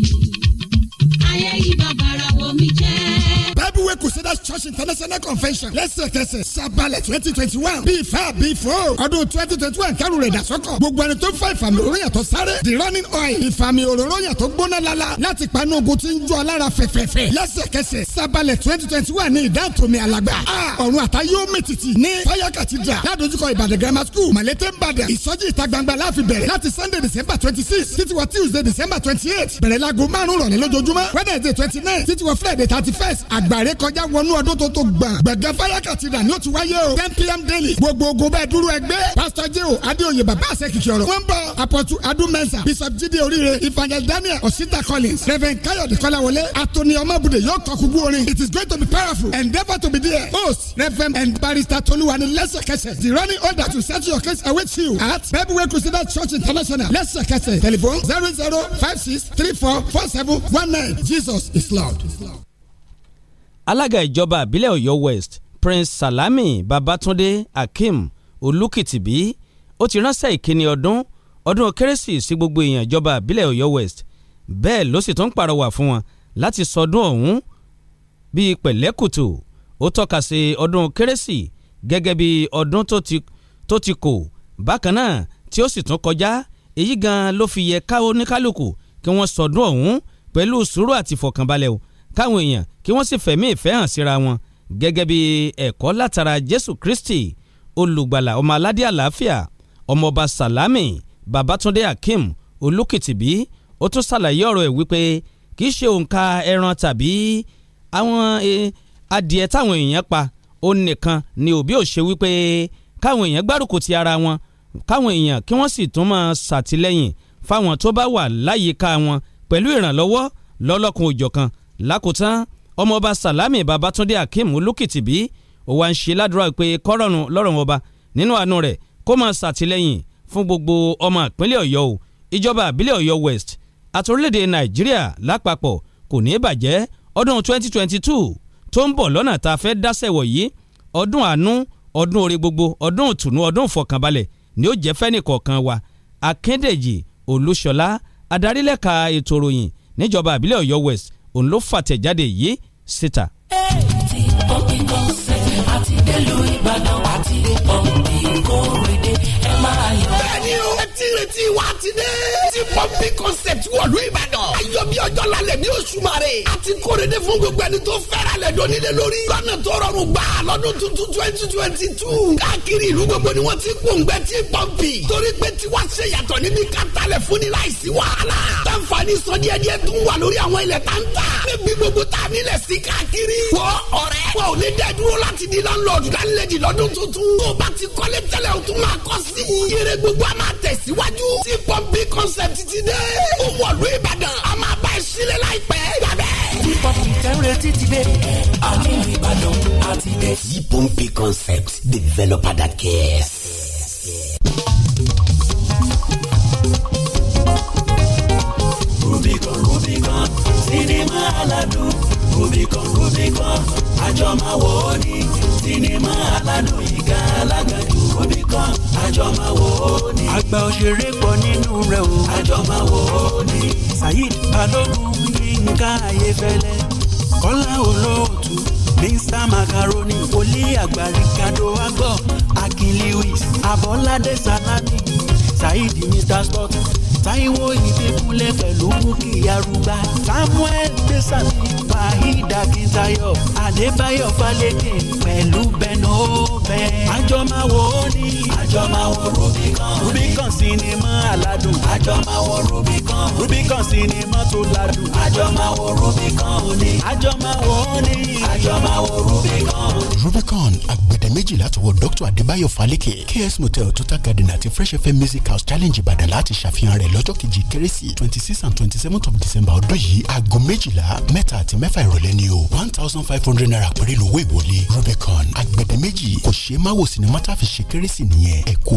Christ Church International Convention lẹ́sẹ̀kẹsẹ̀ sábàlẹ̀ twenty twenty one bíi fà bíi fò ọdún twenty twenty one kẹrù rẹ̀ dàsọ́kọ̀ gbogbo ẹni tó fà ìfàmì òróró yàtọ̀ sáré the running oil ìfàmì òróró yàtọ̀ gbóná lala láti panu ogun tí ń jó alára fẹ̀fẹ̀fẹ̀ lẹ́sẹ̀kẹsẹ̀ sábàlẹ̀ twenty twenty one ní ìdáàtòmí alàgbà ọ̀run àtayọ́mẹ̀tìtì ní fire cathedral ládojúkọ ìbàdàn grammar school màlété ìbàdàn ìsọjí ìta gbangba láàfi bẹ̀rẹ̀ láti sunday december twenty six títí wọ tuesday december twenty eight bẹ̀rẹ̀ láago márùn-ún rọ̀lẹ́ lójoojúmọ́ wednesday twenty nine títí wọ friday thirty first àgbàre kọjá wọ wọnú ọdún tó tó gbà. gbẹ̀gẹ́ fire cathedral ni ó ti wáyé o ten pm daily gbogbo ogun bẹ́ẹ̀ dúró ẹgbẹ́. pásítọ̀ jéhò adéoyè bàbá àṣẹ kìkì ọ̀rọ̀. wọ́n ń bọ̀ apọ̀tù adúmẹ́sà bishop jíde oríire ifeanyi daniel osita collins reverend kayode kọ́láwọlé atoni ọmọbùdè yóò kọ kúgbú orin it is going to be powerful endeavour to be there host reverend and barrister toluwani lẹ́sẹ̀kẹsẹ̀ the running order to set your case awaits you at bible crusader church international lẹ́sẹ̀kẹsẹ̀ telephone zero zero five six three four four seven one nine jesus is loud. Is loud alága ìjọba àbílẹ̀ ọ̀yọ́ west prince salami babatunde akeem olùkìtìbí ó ti ránṣẹ́ ìkíni ọdún ọdún kérésì sí gbogbo èèyàn ìjọba àbílẹ̀ ọ̀yọ́ west bẹ́ẹ̀ ló sì tún pàrọwà fún wọn láti sọdún ọ̀hún bíi pẹ̀lẹ́kùtù ó tọ́ka sí ọdún kérésì gẹ́gẹ́ bí ọdún tó ti kò bákan náà tí ó sì tún kọjá èyí gan ló fi yẹ ká oníkálukú kí wọ́n sọdún ọ̀hún pẹ̀lú sùúrù àti ìfọ̀kànbalẹ̀ o káwọn èèyàn kí wọ́n sì fẹ̀mí ìfẹ́ hàn síra wọn gẹ́gẹ́ bí ẹ̀kọ́ látara Jésù Kristi olùgbàlà ọmọ aládé àlàáfíà ọmọọba Sàlámì Babátúndé Akeem Olúkìtìbí ó tún ṣàlàyé ọ̀rọ̀ ẹ̀ wípé kì í ṣe òǹkà ẹran tàbí àwọn e, adìẹ táwọn èèyàn pa ó nìkan ni òbí ò ṣe wípé káwọn èèyàn gbárùkù ti ara wọn káwọn èèyàn kí wọ́n sì tún máa ṣàtìlẹ́yìn fáwọn tó bá wà láyìíká wọn pẹ̀lú ìrànlọ́wọ́ lọ́lọ́kun òjọ̀kan lákòótán ọmọọba Salami Babatunde Akeem Olùkìtìbí ó wá ń ṣe ládùúrà pé kọ́rọ̀nù lọ́rùn ọba nínú àánú rẹ̀ kó máa ṣàtìlẹ́yìn fún gbogbo ọmọ ìpínlẹ̀ Ọ̀yọ́ o ìjọba àbílẹ̀ Ọ̀yọ́ West àti orílẹ̀-èdè Nàìjíríà lápapọ̀ kò ní bàjẹ́ ọdún 2022 tó ń bọ̀ lọ́nà tá a fẹ́ dáṣẹ̀wọ̀ yìí ọdún àánú ọdún oore gbogbo ọdún ìtùnú ọdún ìfọ̀kànbalẹ̀ ni ó jẹ́ fẹ́nìkọ̀ọ̀kan wa Akíndèjì Olúṣọlá adarílẹ̀ka ètò ìròyìn níjọba àbílẹ̀ Ọ̀yọ́ West òun ló fàtẹ̀jáde yìí síta. bẹ́ẹ̀ ni o ìrètí wa ti dé. ti pọ́ńpì concept wọ̀lú ìbàdàn. ayọ̀ bí ọjọ́ lálẹ́ ní oṣù mare. a ti kóre de fún gbogbo ẹni tó fẹ́ràn lẹ̀ dọ́ni lé lórí. lọ́nà tó rọrùn gbà lọ́dún tuntun twenty twenty two. káàkiri ìlú gbogbo ni wọ́n ti gbòǹgbẹ́ ti pọ́ńpì. torí pé tiwa ṣe yàtọ̀ níbi kátàlẹ̀ fún ni láìsí wàhálà. táǹfààní sọdíẹ̀díẹ̀ tún wà lórí àwọn ilẹ̀ táǹtà. níbi gbogbo tá a nílẹ̀ sí káàkiri. wọ ọ̀rẹ́ wọn ò ní dẹ́ di lọ́nlọ́ọ̀dù lálẹ́ di o bá ti kọ́lé tẹ́lẹ̀ o tún máa kọ́ sí tẹ̀síwájú tí pọ́ńpì concept ti dé. ó wọ̀lú ìbàdàn a máa bá ẹ sílẹ̀ láìpẹ́ gbàgbẹ́. hip-hop ìtẹ́rẹ́tì ti dé. àti ìbàdàn àti dé. yipompi concept developer that cares. Rubicon Rubicon sinimá aládùn omi kan omi kan àjọ máa wò ó ní sinimá aládùn ìka alágbàdo omi kan àjọ máa wò ó ní. àgbà òṣèré pọ̀ nínú rẹ̀ o. àjọ máa wò ó ní. Saheed Balogun Yínká Ayéfẹ́lẹ́ Kọ́lá Olóòtú Mr Macaroni Olé àgbà Ricardo Agbo Akin Lewis Abọ́ládé Salami Saheed Mr Scott Táíwò Ìdékúnlé pẹ̀lú Búkì Arúgbá Samuel Gbèsàmí Fàhídà Kìntayọ̀ Adébáyọ̀ Fálékè pẹ̀lú Benobe. Àjọmáwo ni àjọmáwo Rubicon. Rubicon sinimá aládùn. Àjọmáwo Rubicon. Rubicon sinimá tó ládùn. Àjọmáwo Rubicon ni. Àjọmáwo ni. Àjọmáwo Rubicon. Rubicon agbẹ̀dẹ̀méjì láti wo Dr. Adébáyọ̀ Fálékè KS Motel Total Garden àti Fresh FM Music House Challenge Ìbàdàn láti ṣàfihàn rẹ̀ lọ́jọ́ kejì kérésì twenty six and twenty seven of december ọdún yìí aago méjìlá mẹ́ta àti mẹ́fà ìrọ̀lẹ́ ni o one thousand five hundred naira péré lówó ìwọlé rubicon agbẹ̀dẹ méjì kò ṣeé má wò sinimá tá a fi ṣe kérésì nìyẹn ẹ kú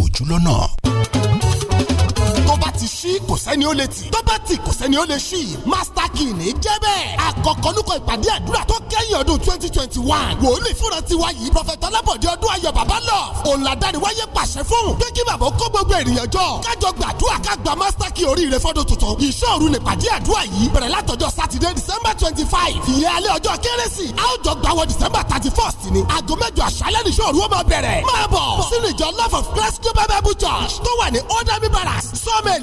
ti ṣí kò sẹ́ni ó lè tì tó bá tì kò sẹ́ni ó lè ṣí master key jẹ́ bẹ́ẹ̀ àkọ́kọ́ ìpàdé àdúrà tó kẹ́yìn ọdún twenty twenty one wòlíì fúnra tiwa yìí prọfẹ̀tọ̀ lábọ̀dé ọdún ayọ̀ bàbá lọ òǹlàdáni wáyé pàṣẹ fún pé kí bàbá kó gbogbo ènìyàn jọ kájọ gbàdúrà ká gba master key oríire fọ́dún tuntun ìṣòro nípàdé àdúrà yìí bẹ̀rẹ̀ látọjọ́ sátidé december twenty five ìyẹn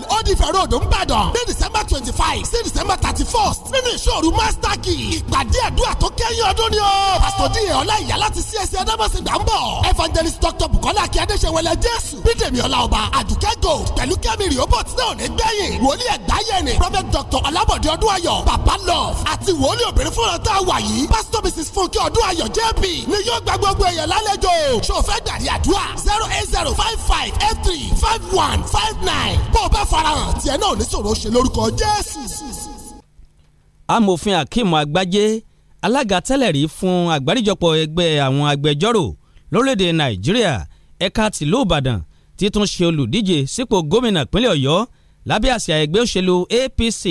old ife road ńbàdàn ní december twenty five sí december thirty first nínú ìṣòro master key ìpàdé àdúrà tó kẹ́yìn ọdún ni o. pastor díye ọlá ìyá láti csc e adamasi gbà ń bọ̀ evangelist Doctor bukola akí adéṣewẹlẹ jésù bídèmí ọláọba àdùkẹ́ gold pẹ̀lú kẹ́mi rìóbọ̀tì náà ní gbẹ̀yìn wòlíì ẹ̀gbáyẹnì prophet dr ọlábọ̀dé ọdún ayọ̀ baba love àti wòlíì obìnrin fúnra tá a wà yìí pastor mrs funke ọdún ayọ̀ jp ni yóò gba gbogbo èèyàn lálejò ṣòfẹ́ gbàdí àdúrà zero eight zero five five eight three five one five nine bó o bá f farahàn tiẹ̀ náà níṣòro ṣe lórúkọ Jésù. amòfin Akeem Agbájé alága tẹ́lẹ̀ rí fún àgbáríjọpọ̀ ẹgbẹ́ àwọn agbẹjọ́rò lórílẹ̀‐èdè Nàìjíríà ẹ̀ka tìlú Ìbàdàn títún ṣe olùdíje sípò gómìnà ìpínlẹ̀ Ọ̀yọ́ lábẹ́ àsíá ẹgbẹ́ òṣèlú APC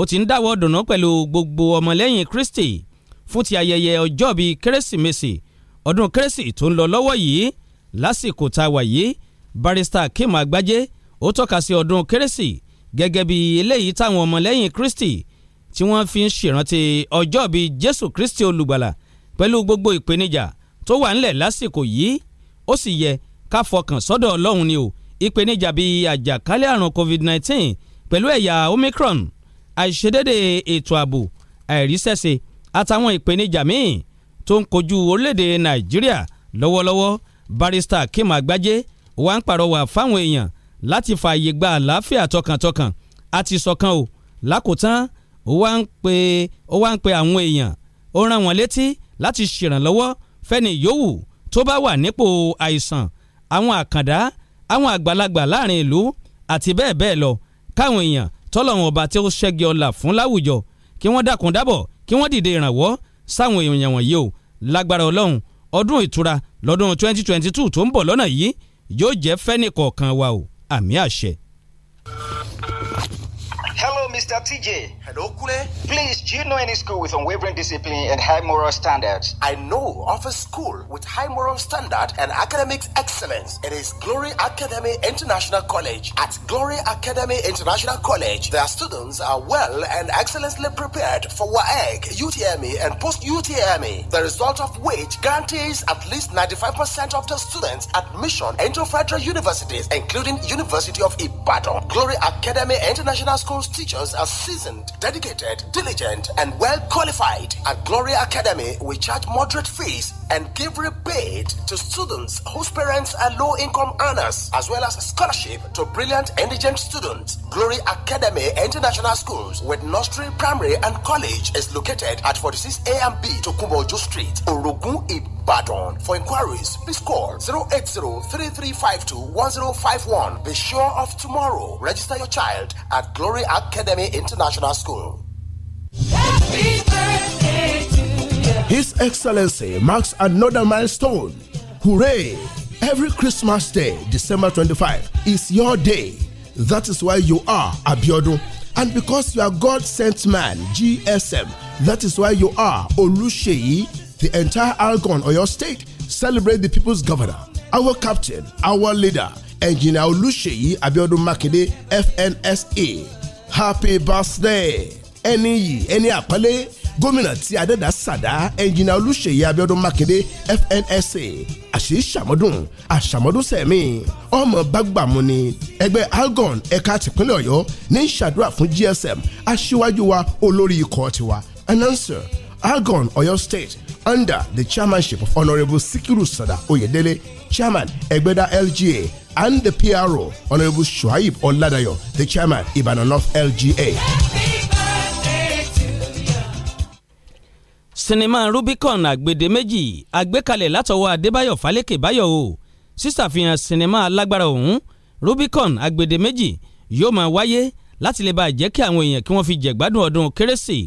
ó ti ń dáwọ́ dùnú pẹ̀lú gbogbo ọmọlẹ́yìn Kristi fún ti ayẹyẹ ọjọ́bí kérésìmesì ọdún kérésì tó ń lọ lọ́wọ́ yìí lásìkò tá a wà yìí barista Akeem Agbájé ó tọ́ka sí ọdún kérésì gẹ́gẹ́ bí eléyìí táwọn ọmọlẹ́yìn kristi tí wọ́n fi ń ṣèrántí ọjọ́ bíi jésù kristi olùgbàlà pẹ̀lú gbogbo ìpèníjà tó wà ńlẹ̀ lásìkò yìí ó sì yẹ ká fọkàn sọ́dọ̀ ọlọ́run ni o ìpèníjà bíi àjàkálẹ̀ àrùn covid-19 pẹ̀lú ẹ̀yà omicron àìṣedédé ètò ààbò àìríṣẹ́ṣe àtàwọn ìpèníjà míì tó ń kojú orílẹ̀-èdè nàìjíríà lọ́wọ́lọ́wọ́ barrister kim àgbájé wà ń pàrọwà fáwọn èèyàn láti fààyè gba àlàáfíà tọkàntọkàn àti ṣọ̀kan o lákòótán ó wá ń pe ó wá ń pe àwọn èèyàn ó rán wọn létí láti ṣèrànlọ́wọ́ fẹ́ni yòówù tó bá wà nípò àìsàn àwọn àkàndá àwọn àgbàlagbà láàrin ìlú àti bẹ́ẹ̀ bẹ́ẹ̀ lọ káwọn èèyàn tọ́lọ́run ọba tí ó ṣẹ́gi ọlà fún láwùjọ kí wọ́n dákun dábọ̀ kí wọ́n dìde ìrànwọ́ sáwọn èèyàn wọ̀nyí o lágbára ọlọ́run ọdún ìtura lọ́dún 2022 tó ń bọ̀ lọ́nà yìí yóò jẹ́ fẹ́nìkọ̀ọ̀kan wa o àmì àṣẹ. Hello, Mr. TJ. Hello, Kule. Please, do you know any school with unwavering discipline and high moral standards? I know of a school with high moral standard and academic excellence. It is Glory Academy International College. At Glory Academy International College, their students are well and excellently prepared for WAEG, UTME, and post-UTME, the result of which guarantees at least 95% of the students admission into federal universities, including University of Ibadan. Glory Academy International School those teachers are seasoned, dedicated, diligent, and well qualified. At Gloria Academy, we charge moderate fees and give rebate to students whose parents are low income earners, as well as scholarship to brilliant indigent students. Glory Academy International Schools with nursery, primary, and college is located at 46 A and B to Kumboju Street, Orogun, Ibadan. For inquiries, please call 080 Be sure of tomorrow. Register your child at Glory Academy International School. His Excellency marks another milestone. Hooray! Every Christmas Day, December 25, is your day. That is why you are Abiodun. And because you are God sent man, GSM, that is why you are Olusheyi. The entire Algon or your state celebrate the people's governor, our captain, our leader, Engineer Olusheyi Abiodun Makinde, FNSA happy birthday ẹni yìí ẹni àpọ́nlé gómìnà tí adẹ́dá sàdá ẹnjìnà olùṣèyí abíọ́dún mákindé fnsa àṣì ṣàmọ́dún àṣàmọ́dún sẹ̀mí ọmọ bágbàmù ni ẹgbẹ́ algon ẹ̀ka tìpínlẹ̀ ọ̀yọ́ ní ìṣàdúrà fún gsm aṣíwájú wa olórí ikọ̀ tiwa announcer algon Oyo state under the chairmanship of honourable sikiru sada oyedele Chairman, Egbeda LGA, and the PRO, Honorable Shuaib Oladayo, the Chairman, Ibadan North LGA. sinimá Rubicon àgbèdè méjì àgbékalẹ̀ látọwọ́ Adébáyọ̀ Fálékè Báyọ̀ o sísàfihàn sinimá alágbára ọ̀hún Rubicon àgbèdè méjì yóò máa wáyé láti lè bá jẹ́ kí àwọn èèyàn kí wọ́n fi jẹ̀gbádùn ọdún kérésì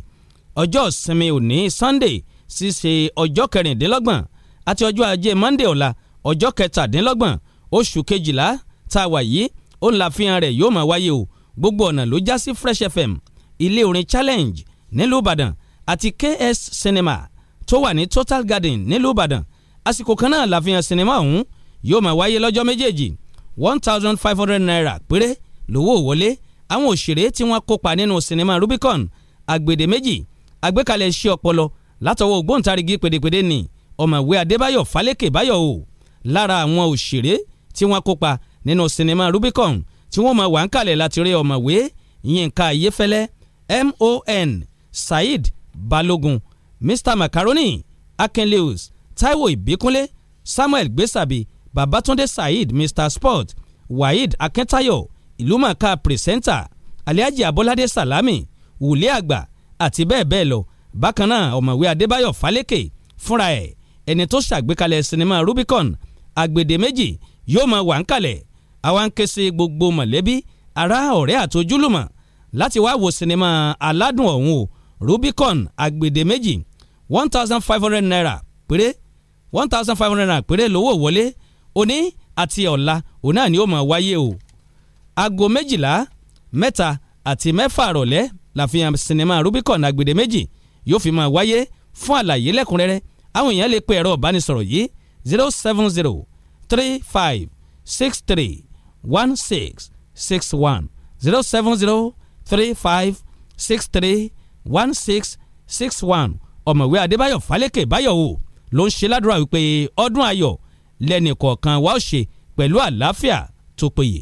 ọjọ́ ìsinmi òní Sunday ṣíṣe ọjọ́ kẹrìndínlọ́gbọ̀n àti ọjọ́ ajé Monday ọ̀la ọjọ́ kẹtàdínlọ́gbọ̀n oṣù kejìlá tá a wà yìí ó ń la fihàn rẹ̀ yóò máa wáyé o gbogbo ọ̀nà ló já sí Fresh FM ilé orin challenge nílùú Ìbàdàn àti KS Cinema tó wà ní Total Garden nílùú Ìbàdàn àsìkò kan náà la fihàn sinimá ọ̀hún yóò máa wáyé lọ́jọ́ méjèèjì one thousand five hundred naira péré lówó wọlé àwọn òṣèré tí wọ́n kópa nínú sinimá Rubicon àgbèdè méjì àgbékalẹ̀ iṣẹ́ ọpọlọ látọwọ́ ògbóǹtarìgì pèdèpèdè ni ọ̀mọ̀wé Adébáyọ̀ Fálékè Báyọ̀ o lára àwọn òṣèré tí wọ́n kópa nínú sinimá Rubicon tí wọ́n máa wà ń kalẹ̀ láti rí ọ̀mọ̀wé Yínká Ayéfẹ́lẹ́ MON Saheed Balogun Mr Macaroni Akinleus Taiwo Ìbíkúnlé Samuel Gbèsàbí Babatunde Saheed Mr Sport Waheed Akintayo ìlúmọ̀ọ́ká pírẹsẹ́ńtà Alhaji Abolade Salami wùlé àgbà àti bẹ́ẹ̀ bẹ́ẹ̀ lọ bákan náà ọ̀mọ̀wé Adébáyọ̀ Fálékè fúnra ẹ̀ ẹni tó ṣàgbékalẹ̀ sinimá Rubicon àgbèdèméjì yóò máa wà ń kalẹ̀ àwa ń ké sí gbogbo mọ̀lẹ́bí ará ọ̀rẹ́ àtojúlùmọ̀ láti wá wo sinimá aládùn ọ̀hún o Rubicon àgbèdèméjì one thousand five hundred naira péré one thousand five hundred naira péré lówó wọlé òní àti ọ̀la òun náà ni ó máa wáyé o aago méjìlá mẹ́ta àti mẹ́fà rọ̀lẹ́ làfihàn sinimá Rubicon àgbèdèméjì yóò fi máa wáyé fún àlàyé lẹ́kùnrẹ́rẹ́ àwọn èèyàn lè pe ẹ̀rọ ìbánisọ̀rọ̀ yìí zero seven zero three five six three one six six one zero seven zero three five six three one six six one ọ̀mọ̀wé adébáyọ̀ falẹ́kẹ̀ báyọ̀ o ló ń ṣe ládùúrà wípé ọdún ayọ̀ lẹ́nì kọ̀ọ̀kan wa ó ṣe pẹ̀lú àlàáfíà tó péye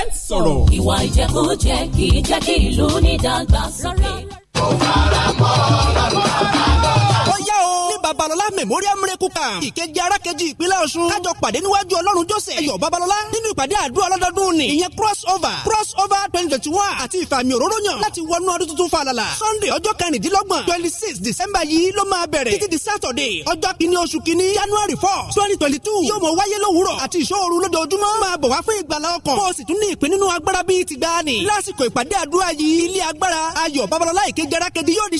fẹ́ sọ̀rọ̀. ìwà ìjẹkújẹ kì í jẹ́ kí ìlú ní ìdàgbàsókè. kò fara mọ́ ọ̀rọ̀ rárá babalọlá memorial miracle camp ìkejì arákejì ìpínlẹ̀ ọ̀ṣun kájọ pàdé níwájú ọlọ́run jọ́sẹ̀ ẹ̀yọ̀ babalọlá nínú ìpàdé àdúrà ọlọ́dọọdún ni ìyẹn cross over cross over twenty twenty one àti ìfàmì òróró yàn láti wọnú ọdún tuntun falala sunday ọjọ́ kẹrìndínlọ́gbọ̀n twenty six december yìí ló máa bẹ̀rẹ̀ títí di saturday ọjọ́ kìíní oṣù kìíní january four twenty twenty two yóò mọ wáyé lówùrọ̀ àti ìṣòro lójoojúmọ́ máa bọ̀ wá fún ìgbàlá ọkàn kó o sì tún ní ìpín nínú agbára bíi ti gbani lásìkò ìpàdé àdúrà yìí ilé agbára ayọ̀ babalọlá ìkejì arákejì yóò di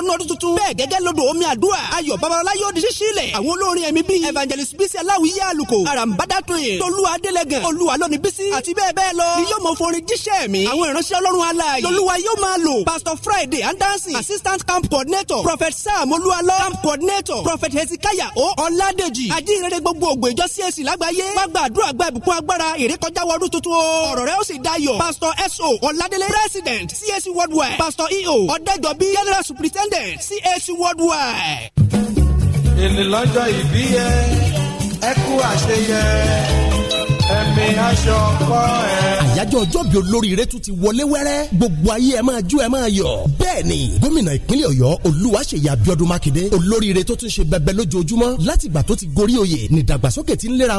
wọnú ọdún tuntun. bẹ́ẹ̀ gẹ́gẹ́ lodò omi àdúrà ayọ̀ babalọlá yóò di ṣíṣí ilẹ̀. àwọn olórin ẹ̀mí bíi evangelist bísí aláwìyé àlùkò àràǹbádàtòyè tolúwa adélẹ́gàn olúwa lóni bísí àti bẹ́ẹ̀ bẹ́ẹ̀ lọ. ni yóò mọ forin jíṣẹ́ mi. àwọn ìránṣẹ́ ọlọ́run aláàyè lolúwa yóò máa lò. pastor friday andansi assistant camp coordinator prophet sam olúwalọ camp coordinator prophet hezekiah o ọládèjì àdínrere gbogbo ògbò ìjọ csc lágbàáyé wá gba àdúrà gba ìbùkún agbára ìrékọjá wọdún tuntun o ọ̀rọ̀ rẹ ó sì dayọ̀ pastor so ọládélé president csc worldwide pastor eo ọ̀dẹ́jọ́bí general superintendent hundred CAC worldwide. èmi lọ́jọ́ ìbí yẹ ẹ kú àṣeyẹ ẹ̀mí aṣọ kọ́ ẹ àyájọ́ ọjọ́bí olóríire tún ti wọlé wẹ́rẹ́ gbogbo ayé ẹ máa jó ẹ máa yọ̀. bẹ́ẹ̀ni gómìnà ìpínlẹ̀ Ọ̀yọ́ Olúwaṣèyí Abíọ́dún Mákindé olóríire tó tún ṣe bẹbẹ lójoojúmọ́ láti tó ti gorí oyè nídàgbàsókè ti ń léra